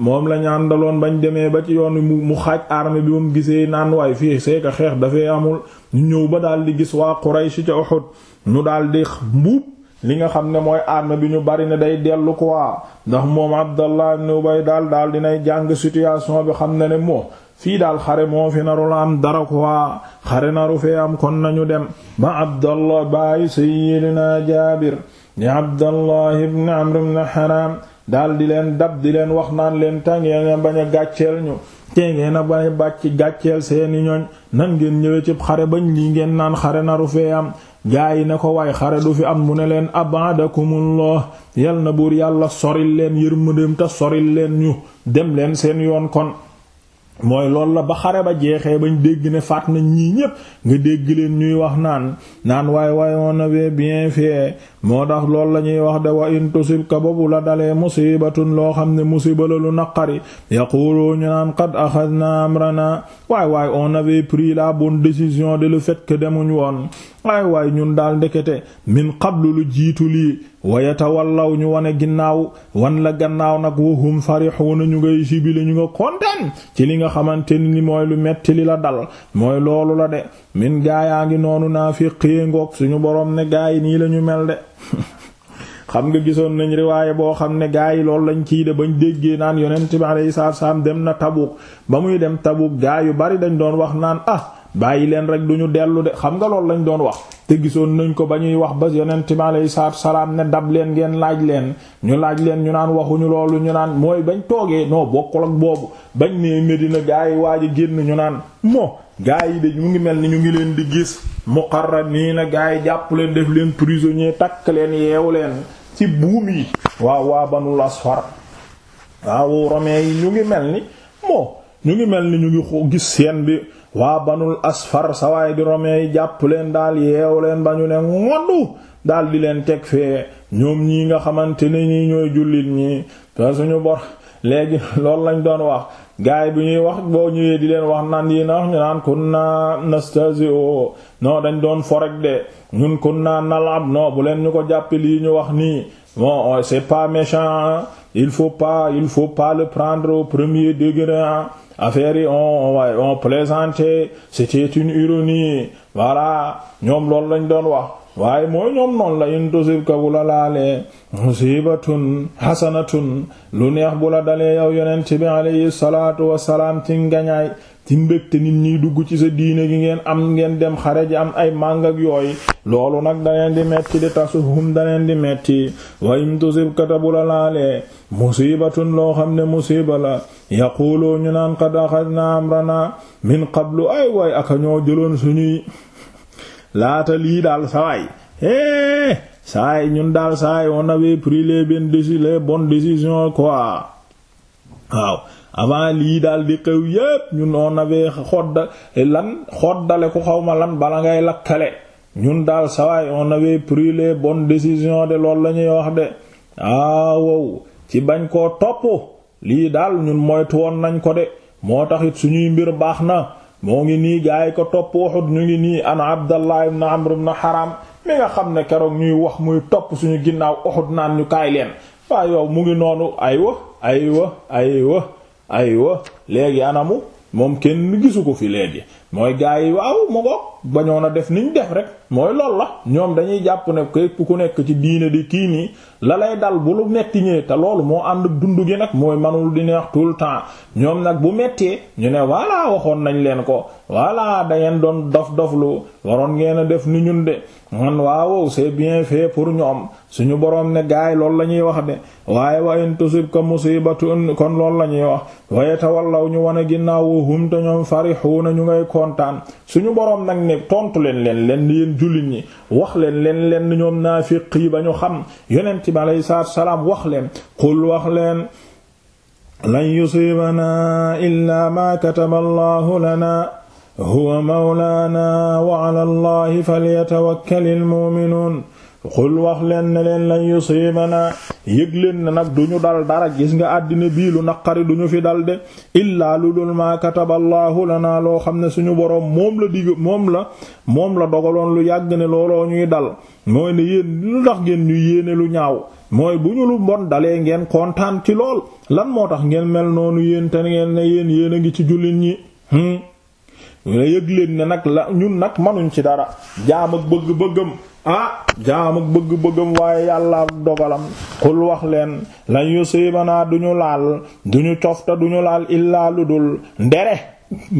moom lañ àndaloon bañ demee ba ci yoon mu xaaj armée bi mu gisee naan waay fii c'est xeex dafay amul ñu ñëw ba daal di gis waa Quraysh ca Uhud ñu daal di mbuub li nga xam ne mooy arme bi ñu bari ne day dellu quoi ndax moom Abdallah ibn Ubay daal daal dinay jàng situation bi xam ne ne moo fii daal xare moo fi naru la am dara quoi xare naru fee am kon nañu dem ba Abdallah baay Seydina Jaabir ni Abdallah ibn Amr ibn Haram daal di leen dab di leen wax naan leen tàngee na bañ a gàcceel ñu teegee bañ a bàcc gàcceel seeni ñooñ nan ngeen ñëwee ci xare bañ lii ngeen naan xare naru fee am gaa yi ne ko waay xare du fi am mu ne leen loo yal na buur yàlla soril leen yërmandeem te soril leen ñu dem leen seen yoon kon mooy loolu la ba xare ba jeexee bañ dégg ne faat nañ ñii ñépp nga dégg leen ñuy wax naan naan waay waay on avait bien fait moo tax loolu la ñuy wax de wa in tusibka boobu la dalee musibatun loo xam ne musiba la lu naqari yaqulu ñu naan qad axadna amrana waay waay on avait pris la bonne décision de le fait que demuñ woon waay waay ñun daal ndekete min qablu lu jiitu lii wallaw ñu wane ginnaaw wan la gannaaw nag wahum farihuna ñu ngay jibile ñu nga kontaan ci li nga xamante ni mooy lu metti li la dal mooy loolu la de gaa yaa ngi noonu naa fiqi ngoog suñu borom ne yi nii lañu mel de xam nga gisoon nañ riwaaye boo xam ne gaa yi loolu lañ ciy de bañ déggee naan yonent bi alayhi salaam dem na Tabuk ba muy dem Tabuk gaay yu bari dañ doon wax naan ah bàyyi leen rek duñu dellu de xam nga loolu lañ doon wax te gisoon nañ ko ba ñuy wax ba yonent bi saat salaam ne dab leen ngeen laaj leen ñu laaj leen ñu naan waxuñu loolu ñu naan mooy bañ toogee non bokkul ak boobu bañ nee Medina yi waaj a ñu naan mo gaa yi de ñu ngi mel ni ñu ngi leen di gis muqarraniina gaa yi jàpp leen def leen prisonnier takk leen yeewu leen ci buum yi waaw waa banul asfar waaw romain yi ñu ngi mel ni moo ñu ngi mel ni ñu ngi gis seen bi waa banul asfar sawaay di romain yi jàpp leen daal yeew leen ba ñu ne ngoddu daal di leen teg fee ñoom ñi nga xamante ne ñi ñooy jullit ñi te suñu bor léegi loolu lañ doon wax gaay bu ñuy wax boo ñëwee di leen wax naan yi na wax ñu naan kunna nastazio non dañ doon forek de ñun kunna nalab non bu leen ñu ko jàppe lii ñu wax nii bon oh, c'est pas méchant il faut pas il faut pas le prendre au premier degré affaire yi on on plaisantait c'était une ironie voilà ñoom loolu lañ doon wax waaye mooy ñoom noonu la in tusibka bu la laalee musibatun hasanatun lu neex bu la dalee yow yonent bi alayhi salaatu wasalaam ci ngañaay ci mbégte nit ñuy dugg ci sa diine gi ngeen am ngeen dem xare ji am ay màng ak yooyu loolu nag daneen di metti di tasuhum daneen di metti wa in tusibka bu la laalee musibatun loo xam ne musiba la yaqulu ñu naan qad axadna amrana min qablu ay way aka ñoo jëloon suñuy laata lii daal sawaay eh saay ñun daal saay on avait pris les bonnes décisions les bonnes waaw avant lii daal di xew yépp ñun on avait xodda eh, lan xoddale ku xaw ma lan bala ngay lakkale ñun daal sawaay on avait les bonnes décisions de loolu la ñuy wax de ah, waaw ci bañ koo topp lii daal ñun moytu woon nañ ko de moo taxit suñuy mbir baax na moo ngi nii gaa yi ko topp Uhud ñu ngi nii an Abdallah ibn Amr ibn Haram mi nga xam ne keroog ñuy wax muy topp suñu ginnaaw Uhud naan ñu kaay leen waa yow mu ngi noonu ay aywa aywa aywa aywa léegi anamu moom kenn gisu ko fi léegi mooy gaa yi waaw mu ngoog bañoon def niñ def rek mooy lool la ñoom dañuy jàpp ne képp ku nekk ci diine di kii nii la lay dal bu lu metti ñëwee te loolu moo ànd dund gi nag mooy manul di neex tout le temps ñoom nag bu mettee ñu ne voilà waxoon nañ leen ko voilà da ngeen doon dof doflu waroon ngeen def ni ñun de man waaw c'est bien fait pour ñoom suñu boroom ne gaay lool la ñuy wax de waaye wa in tusibka musibatun kon lool la ñuy wax waaye tawallaw ñu ñu ngay kontaan suñu borom nag ne tontu leen leen leen yéen jullit ñi wax leen leen leen ñoom naafiq yi ba ñu xam yonent bi alayhi salaatu salaam wax leen qul wax leen lan yusiibanaa illaa ma kataba allahu lana huwa mawlaana wa ala allahi falyatawakkalil mu'minuun xul wax leen ne leen lañ yusiibanaa yëg leen ne nag duñu dal dara gis nga àddina bii lu naqari duñu fi dal de illaa lu dul maa kataballaahu lanaa loo xam ne suñu boroom moom la digg moom la moom la dogaloon lu yàgg ne looloo ñuy dal mooy ne yéen lu tax ngeen ñu yéene lu ñaaw mooy bu ñu lu bon dalee ngeen kontaan ci lool lan moo tax ngeen mel noonu yéen te ngeen ne yéen yéen a ngi ci jullit ñi la hmm? yëgleen ne nag la ñun nag manuñ ci dara jaam ak bëgg-bëggam ah jaam ak bëgg-bëggam waaye yàlla dogalam xul wax leen lan yusibanaa duñu laal duñu cofta duñu laal illaa lu dul ndere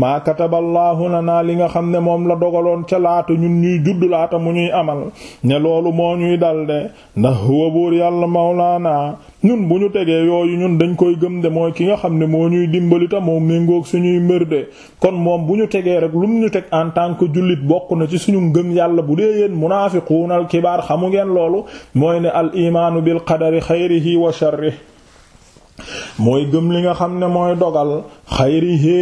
maa kataballaahu lanaa li nga xam ne moom la dogaloon ca laata ñun ñuy judd laata mu ñuy amal ne loolu moo ñuy dal de ndax huwa buur yàlla mawlaana ñun bu ñu tegee yooyu ñun dañ koy gëm de mooy ki nga xam ne moo ñuy dimbali ta moo méngoog suñuy mbër de kon moom bu ñu tegee rek lu mu ñu teg en tant que jullit bokk na ci suñu ngëm yàlla bu dee yéen munaafiquunal kibaar xamu ngeen loolu mooy ne al imaanu bil qadari xayrihi wa sharrihi mooy gëm li nga xam ne mooy dogal xayrihi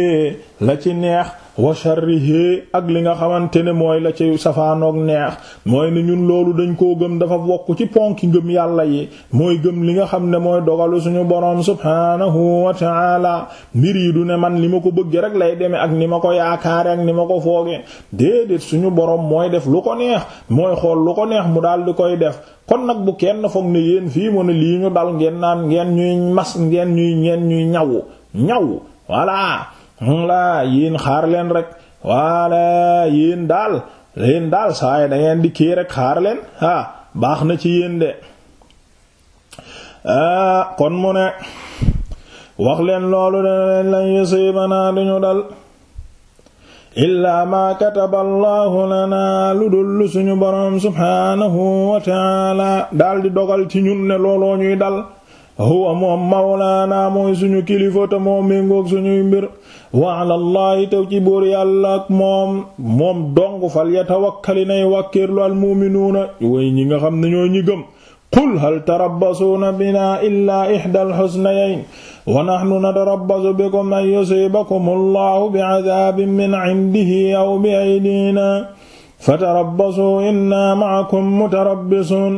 la ci neex wa sharrihi ak li nga xamante ne mooy la ci safaanoog neex mooy ne ñun loolu dañ koo gëm dafa bokk ci ponki gëm yàlla yi mooy gëm li nga xam ne mooy dogalu suñu boroom subhaanahu wa taala mbir yi du ne man li ma ko bëggee rek lay demee ak ni ma ko yaakaare ak ni ma ko fooge déedéet suñu boroom mooy def lu ko neex mooy xool lu ko neex mu daal di koy def kon nag bu kenn foog ne yéen fii mu ne ñuy ñeen ñuy ñaw ñaw voilà voilà yéen xaar leen rek voilà yéen daal yéen daal saa yi da di kii rek xaar leen baax na ci yéen de ah kon mu ne wax leen loolu de lan yusiibanaa duñu dal illaa maa kataba allahu lana lu dul lu suñu boroom subhaanahu wa taala daal di dogal ci ñun ne looloo ñuy dal huwa moom mawlaana mooy suñu kilifa te moo méngoog suñuy mbir wa ala llaahi taw ci buur yàlla ak moom moom dong fal yatawakkali nay wàkkiirlu al mu'minuuna way ñi nga xam ne ñoo ñi gëm qul hal tarabbasuuna bina illaa ihda alxusnayayn wa nahnu natarabbasu bikum an yusiibakum allahu bi cadaabin min cindihi aw bi aydiina fatarabbasu inna macakum mutarabbisuun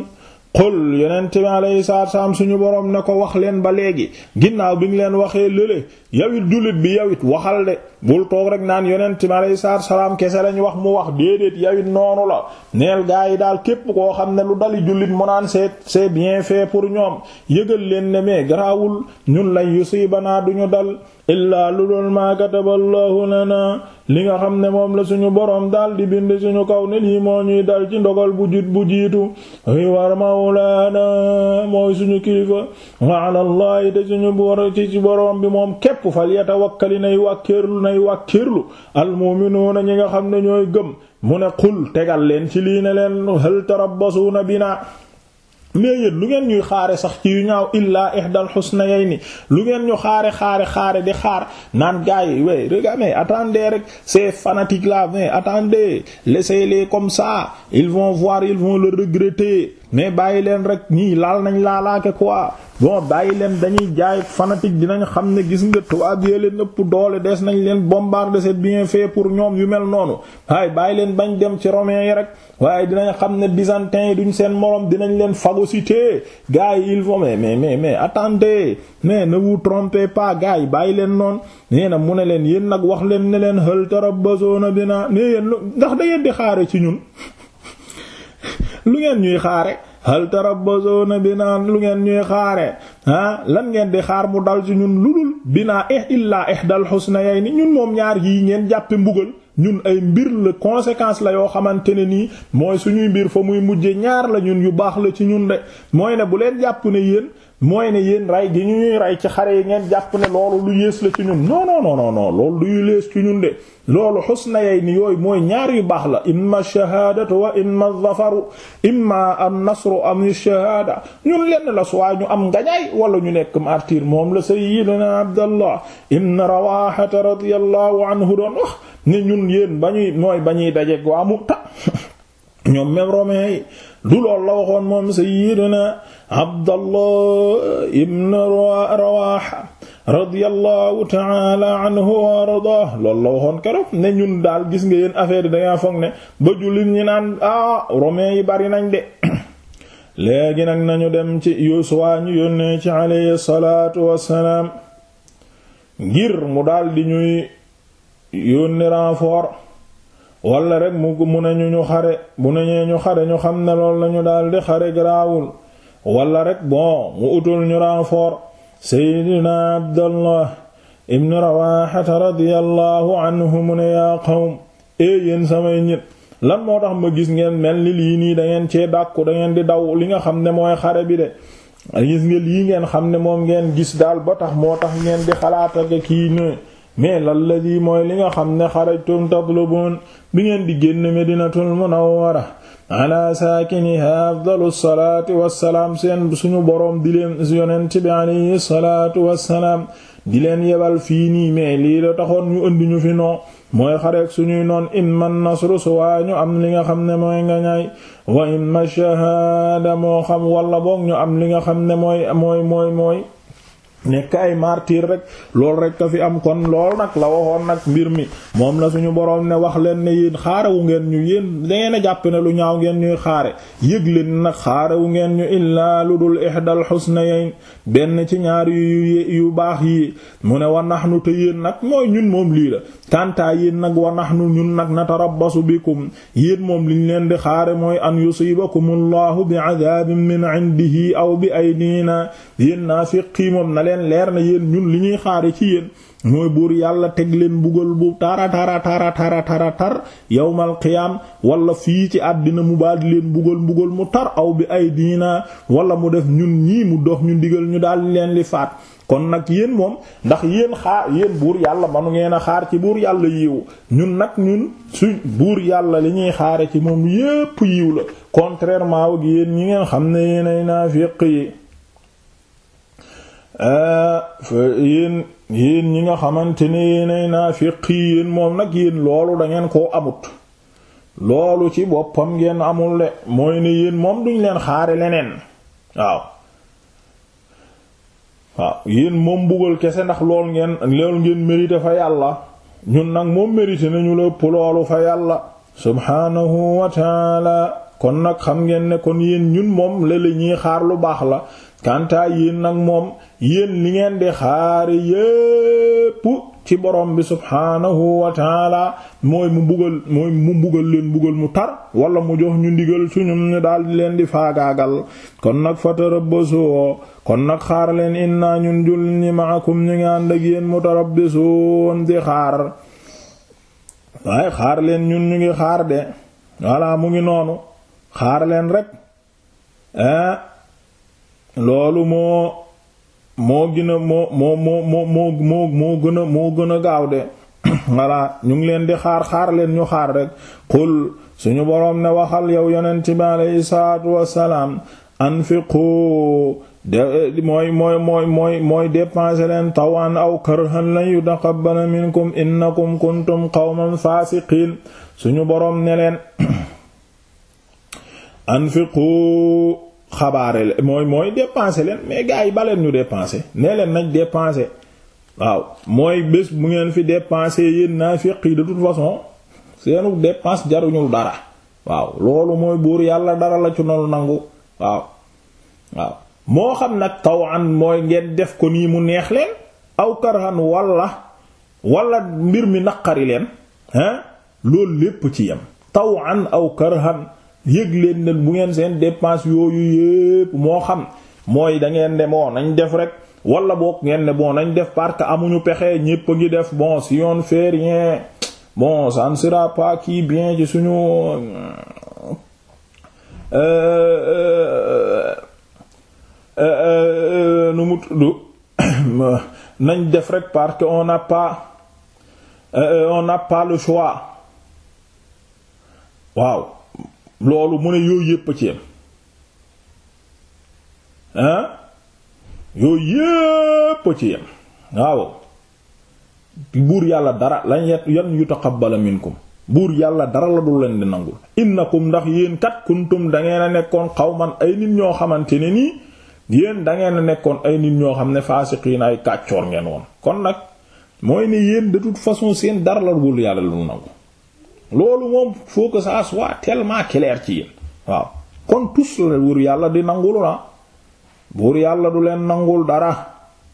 qul yonent bi alayhi salaatu salaam suñu boroom ne ko wax leen ba léegi ginnaaw bi ñu leen waxee lële yawit jullit bi yawit waxal de bul toog rek naan yonent bi alayhi salaatu salaam kese lañ wax mu wax déedéet yawit noonu la neel gaa yi daal képp koo xam ne lu dali jullit mu naan c'est c'est bien fait pour ñoom yëgal leen ne mais garaawul ñun lay yusiibanaa duñu dal illaa lu doon maa kataballaahu lana li nga xam ne moom la suñu boroom daal di bind suñu kaw ne lii moo ñuy dal ci ndogal bu jit bu jiitu i war mawlaana mooy suñu kilifa wa alallaahi te suñu boroom bi moom képp fal yatawakkali nay wàkkeerlu nay wàkkeerlu almu'minuuna ñi nga xam ne ñooy gëm mu ne qul tegal leen ci lii ne leen hal tarabbasuuna bina mais yéen lu ngeen ñuy xaare sax ci yu ñaaw illaa ihdal ni lu ngeen ñu xaare xaare xaare di xaar naan gars yi way regardez attendez rek ces fanatiques là mais attendez laissez-les comme ça ils vont voir ils vont le regretter mais bàyyi leen rek ñii laal nañ laalaake quoi bon bàyyi leen dañuy jaay fanatique dinañ xam ne gis nga tubaab yee leen nëpp doole des nañ leen bombarder c'est bien fait pour ñoom yu mel noonu waaye bàyyi leen bañ dem ci romains yi rek waaye dinañ xam ne byzantins yi duñ seen morom dinañ leen phagocyté gars yi ils mais mais mais mais mais ne vous trompez pas gars yi bàyyi leen noonu nee na mu ne leen yéen nag wax leen ne leen hal tarabbasoona bina ne yéen ndax da ngeen xaare ci ñun lu ngeen ñuy xaare hal tarabbasuna bina lu ngeen ñuy xaare ah lan ngeen di xaar mu dal ci ñun lu dul bina eh illaa yay ni ñun moom ñaar yii ngeen jàppe mbugal ñun ay mbir la conséquence la yoo xamante ne nii mooy suñuy mbir fa muy mujje ñaar la ñun yu baax la ci ñun de mooy ne bu leen jàpp ne yéen mooy ne yéen rey gi ñuy rey ci xare yi ngeen jàpp ne loolu lu yées la ci ñun non non non non loolu du yu ci ñun de loolu xusna yey ni yooyu mooy ñaar yu baax la imma shahaadatu wa imma zafaru imma nasru am shahaada ñun lenn la suwaa ñu am ngañaay wala ñu nekk martyr moom la sayyidina abdallah ibn rawahata radiyallahu anhu doon wax ne ñun yéen ba ñuy mooy ba ñuy dajeeg waa Mu'ta ñoom même romain yi du lool la waxoon moom sayyidina Abdallah ibn Rawaha radiyallahu ta'ala anhu wa ardaah loolu la waxoon keroog ne ñun daal gis nga yéen affaire yi dangaa foog ne ba jullit ñi naan ah yi bari nañ de léegi nag nañu dem ci Yuusuf ñu yónnee ci alayhi salaatu wassalaam ngir mu daal di ñuy yónni renfort walla rek mu mu nañu ñu xare bu nañee ñu xare ñu xam ne lool lañu di xare garaawul walla rek bon mu utul ñu renfort seydina abdallah ibn rawaxata radiyallahu anhu mu ne yaa qawm ee eh, yéen samay ñit lan moo tax ma gis ngeen mel ni lii nii dangeen cee dàkku dangeen di daw li nga xam ne mooy xare bi de gis nga lii ngeen xam ne moom ngeen gis daal ba tax moo tax ngeen di xalaat kii ne mais lalladi mooy li nga xam ne xarajtum tatlubun bi ngeen di génn medinatul munawwara ala saakiniha afdalu salaati wassalaam seen suñu boroom di leen yonent bi alayhi salaatu wassalaam di leen yebal fii nii mais lii la taxoon ñu ënd ñu fi noo mooy xareek suñuy noon imma nasru su waa ñu am li nga xam ne mooy nga ñaay wa imma shahaada moo xam walla boog ñu am li nga xam ne mooy mooy mooy mooy nekk ay martyr rek loolu rek fi am kon lool nag la waxoon nag mbir mi moom la ñu boroom ne wax leen ne yéen xaarewu ngeen ñu yéen dangeen a jàpp ne lu ñaaw ngeen ñuy xaare yëg leen xaare wu ngeen ñu illaa lu dul ihdal husnayn benn ci ñaar yu yu baax yi mu ne wa nahnu te yéen nag mooy ñun moom lii la kantaa yéen nag wa nahnu ñun nag natarabbasu bikum yéen moom liñ leen di xaare mooy an yusibakum allahu bi adabin min indihi aw bi aydina yéen naa fiqii moom leen leer na yéen ñun li ñuy xaare ci yéen mooy buur yàlla teg leen mbugal bu tara tara tara tara tara tar yawmal qiyaam wala fii ci àddina mu baal leen mbugal mbugal mu tar aw bi ay diina wala mu def ñun ñii mu dox ñu digal ñu daal leen li faat kon nag yéen moom ndax yéen xaar yéen buur yàlla manu ngeen a xaar ci buur yàlla yiw ñun nag ñun suñ buur yàlla li ñuy xaare ci moom yépp yiw la contrairement ak yéen ñi ngeen xam ne yéenay naafiq yi fa yéen yéen ñi nga xamante ne yéenay naafiqi yéen moom nag yéen loolu dangeen koo amut loolu ci boppam ngeen amul de mooy ne yéen moom duñ leen xaare leneen waaw waaw yéen moom mbugal kese ndax lool ngeen lool ngeen mérité fa yàlla ñun nag moom mérité nañu lépp loolu fa yàlla subhaanahu wa taala kon nag xam ngeen ne kon yéen ñun moom la la ñuy xaar lu baax la kantaa yéen nag moom yéen li ngeen di xaare yépp ci borom bi subhaanahu wa mooy mu bugal mooy mu bugal leen bugal mu tar wala mu jox ñu ndigal suñu ñu daal di leen di faagaagal kon nag fatarabbasu kon nag xaar leen inna ñun jul ñi maakum ñu ngi ànd ak yéen mutarabbisun di xaar waaye xaar leen ñun ñu ngi xaar de walla mu ngi noonu xaar leen rek ah loolu moo moo gën a moo moo moo moo gaaw de voilà ñu ngi leen di xaar xaar leen ñu xaar rek xul suñu boroom ne waxal yow yeneen bi aleyhi salaatu wassalaam anfiqu de mooy mooy mooy mooy mooy dépenser leen tawan aw karhan lan yutaqabbala minkum innakum kuntum qawman faasiqiin suñu boroom ne leen anfiqu xabaare leen mooy mooy dépenser leen mais gars yi baleen ñu dépenser nee leen nañ dépenser waaw mooy bés bu ngeen fi dépenser yéen naa féq yi de toute façon seenu dépense jaruñul dara waaw loolu mooy buur yàlla dara la ci noonu nangu waaw waaw moo xam nag tawan mooy ngeen def ko nii mu neex leen aw karhan walla wala mbir mi naqari leen hein loolu lépp ci yem tawan aw karhan yëg leen ne bu ngeen seen dépense yooyu yépp moo xam mooy da ngeen ne moo nañ def rek wala boog ngeen ne bon nañ def parce que amuñu pexe ñépp a ngi def bon si yoon fait rien bon ça pas qui bien ci suñu euh, euh, euh, nu mu tudd nañ def rek parce que on n'a pas le choix waaw. loolu mu ne yooyu yépp ci yem hein yooyu yépp ci yem waaw buur yàlla dara lañ yan yu taqabbala minkum buur yàlla dara la dul leen di nangul innakum ndax yéen kat kuntum dangeen a nekkoon xawman ay nit ñoo xamante ne nii yéen dangeen a nekkoon ay nit ñoo xam ne faasiqiin ay kàccoor ngeen woon kon nag mooy ne yéen de toute façon seen dara la dul yàlla lu nangu loolu moom faut que ça soit kileer clair ci yéen waaw kon tus la buur yàlla di nangul na ah. buur yàlla du leen nangul dara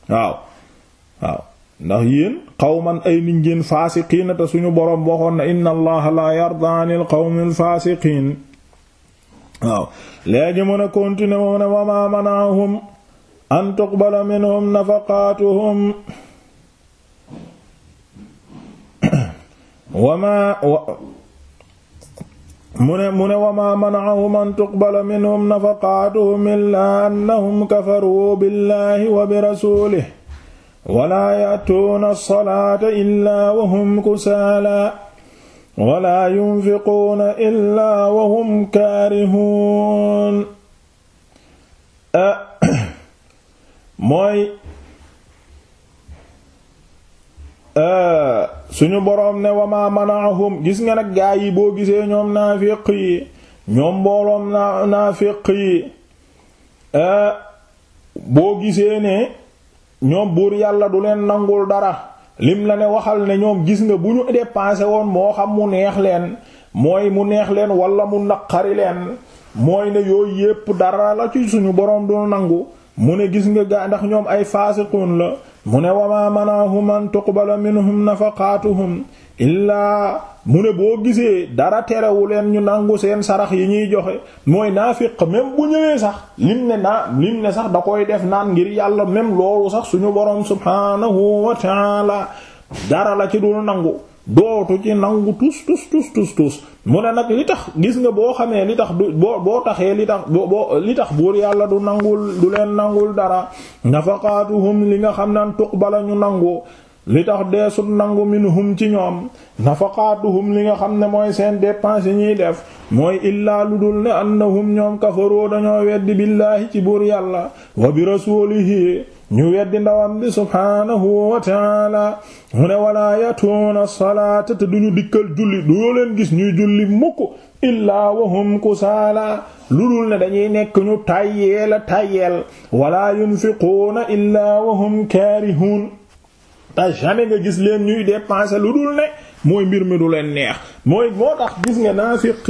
waaw waaw ndax yéen qawman ay nit ngeen faasiqiin suñu boroom waxoon na inna la yarda anil qawmil faasiqiin waaw léegi mën a continuer moom ne wa ma an tuqbala minhum nafaqatuhum wama mu ne mu ne wama mana'ahum an tuqbala minhum nafaqaatuhum illaa annahum kafaruu billahi wa birasuulihi walaa ya'tuuna as-salaata illaa wa hum kusaalaa walaa yunfiquuna illaa wa hum kaarihuun mooy suñu boroom ne wama manaahum gis nga nag gaa yi boo gisee ñoom naafiq yi ñoom mbooloom naa naafiq yi eh, boo gisee ne ñoom buur yàlla du leen nangul dara lim la ne waxal ne ñoom gis nga bu ñu dépensé woon moo xam mu neex leen mooy mu neex leen walla mu naqari leen mooy ne yooyu yépp dara la ci suñu boroom du nangu mu ne gis nga gaa ndax ñoom ay faasiqun la mu ne wamaa manaahum an tuqbala minhum nafaqaatuhum illaa mu ne boo gisee dara terewu leen ñu nangu seen sarax yi ñuy joxe mooy naafiq même bu ñëwee sax lim ne naa lim ne sax da koy def naan ngir yàlla même loolu sax suñu boroom subhaanahu wa taala dara la ci dul nangu dootu ci nangu tus tus tus tus tus mu ne nag li tax gis nga boo xamee li tax du boo boo taxee li tax boo li tax buur yàlla du nangul du leen nangul dara nafaqaatuhum li nga xam naan tuqbala ñu nangu li tax deesul nangu minhum ci ñoom nafaqaatuhum li nga xam ne mooy seen dépense yi ñuy def mooy illaa lu dul ne annahum ñoom kafaroo dañoo weddi billaahi ci buur yàlla wa bi rasuulihi ñu weddi ndawam bi subhaanahu wa taala mu salaata te duñu dikkal julli doo gis ñu julli mukk illaa wahum kusaala lu dul ne dañuy nekk ñu tàyyeel a tàyyeel walaa yunfiquuna illaa wahum kaarihuun te jamais gis leen ñuy dépenser lu ne mooy mbir mi du leen neex mooy moo gis nga naafiq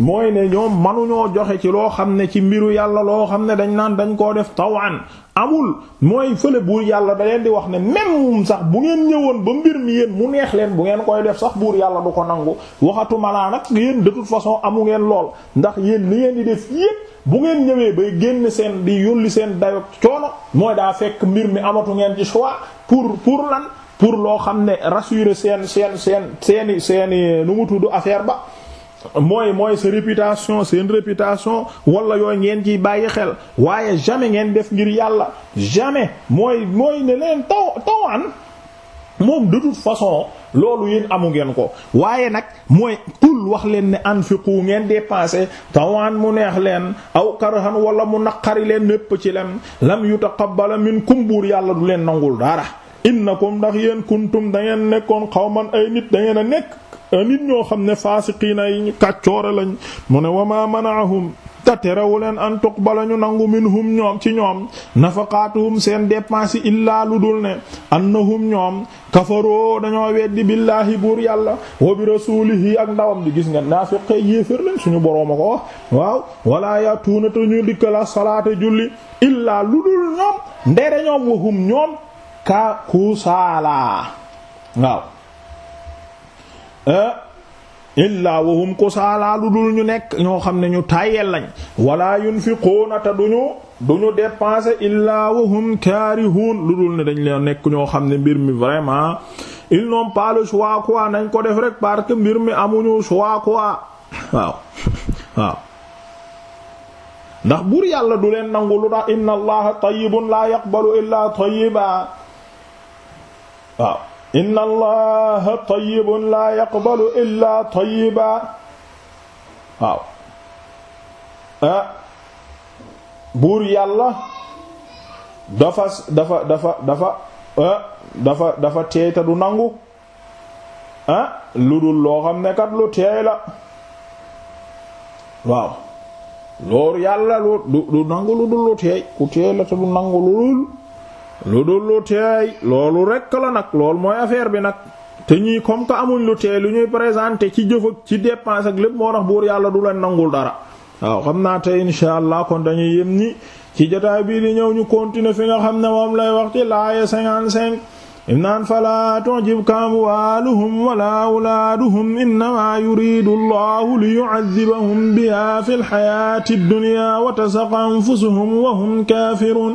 mooy ne ñoom manuñoo joxe ci loo xam ne ci mbiru yàlla loo xam ne dañ naan dañ koo def tawaan amul mooy fële buur yàlla da leen di wax ne même sax bu ngeen ñëwoon ba mbir mi yéen mu neex leen bu ngeen koy def sax buur yàlla du ko nangu waxatu malaa nag yéen de toute façon amu ngeen lool ndax yéen li ngeen di def yépp bu ngeen ñëwee bay génn seen di yólli seen dayo coono mooy daa fekk mbir mi amatu ngeen ci choix pour pour lan pour loo xam ne rassurer seen seen seen seeni seeni nu mu tudd affaire ba mooy mooy sa répitation seen répitation wala yooyu ngeen ciy bàyyi xel waaye jamais ngeen def ngir yàlla jamais mooy mooy ne leen taw tawaan moom de toute façon loolu yéen amu ngeen ko waaye nag mooy kul wax leen ne anfiqu ngeen dépenser tawaan mu neex leen aw karahan wala mu naqari leen népp ci leen lam yutaqabbal minkum buur yàlla du leen nangul dara ko ndax yéen kuntum da ngeen nekkoon xawman ay nit da ngeen a nekk nit ñoo xam ne faasiqiina yi kàccoore lañ mu ne a manaahum te terewu leen an ba ñu nangu minhum ñoom ci ñoom nafaqaatuhum seen dépense illaa lu dul ne annahum ñoom kafaroo dañoo weddi billaahi buur yàlla wa bi rasuulihi ak ndawam di gis nga naafiqee yéeféer lañ suñu boroom ko wax waaw walaa yatuuna te ñu dikka la salaata julli illaa lu ñoom ndere ñoom wahum ñoom ka kuusaalaa waaw Ah, illaa wahum kusaalaa lu dul ñu nekk ñoo xam ne ñu tàyyel lañ wala yunfiquuna te duñu duñu dépenser illaa wahum kaarihuun lu dul ne dañ leen nekk ñoo xam ne mbir mi vraiment ils n'ont pas le choix nañ ko def mbir mi amuñu choix quoi ndax buur yàlla du leen nangu lu tax inna allaha tayyibun la yaqbalu illa tayyiba waaw inna allaha tayyibun laa yaqbalu illaa tayyiba waaw ah buur yàlla dafa dafa dafa dafa ah, dafa dafa teey te du nangu ah lu dul loo xam ne kat lu teey la waaw loolu yàlla lu du nangu lu dul lu teey ku teey la te du nangu lu dul lu dul lu teey loolu rekk la nag loolu mooy affaire bi nag te ñii comme que amuñ lu ñuy présenter ci jëf ci dépense ak moo tax buur yàlla du leen nangul dara waaw xam naa tey insha allah kon dañuy yem ni ci jotaay bii di ñëw ñu continuer fi nga xam ne moom lay wax ci laaya 55 im naan fala ka amwaaluhum wala awlaaduhum innama yuridu allahu li yu'adhibahum biha fil hayati ad-dunya wa tasqa anfusuhum wa hum kafirun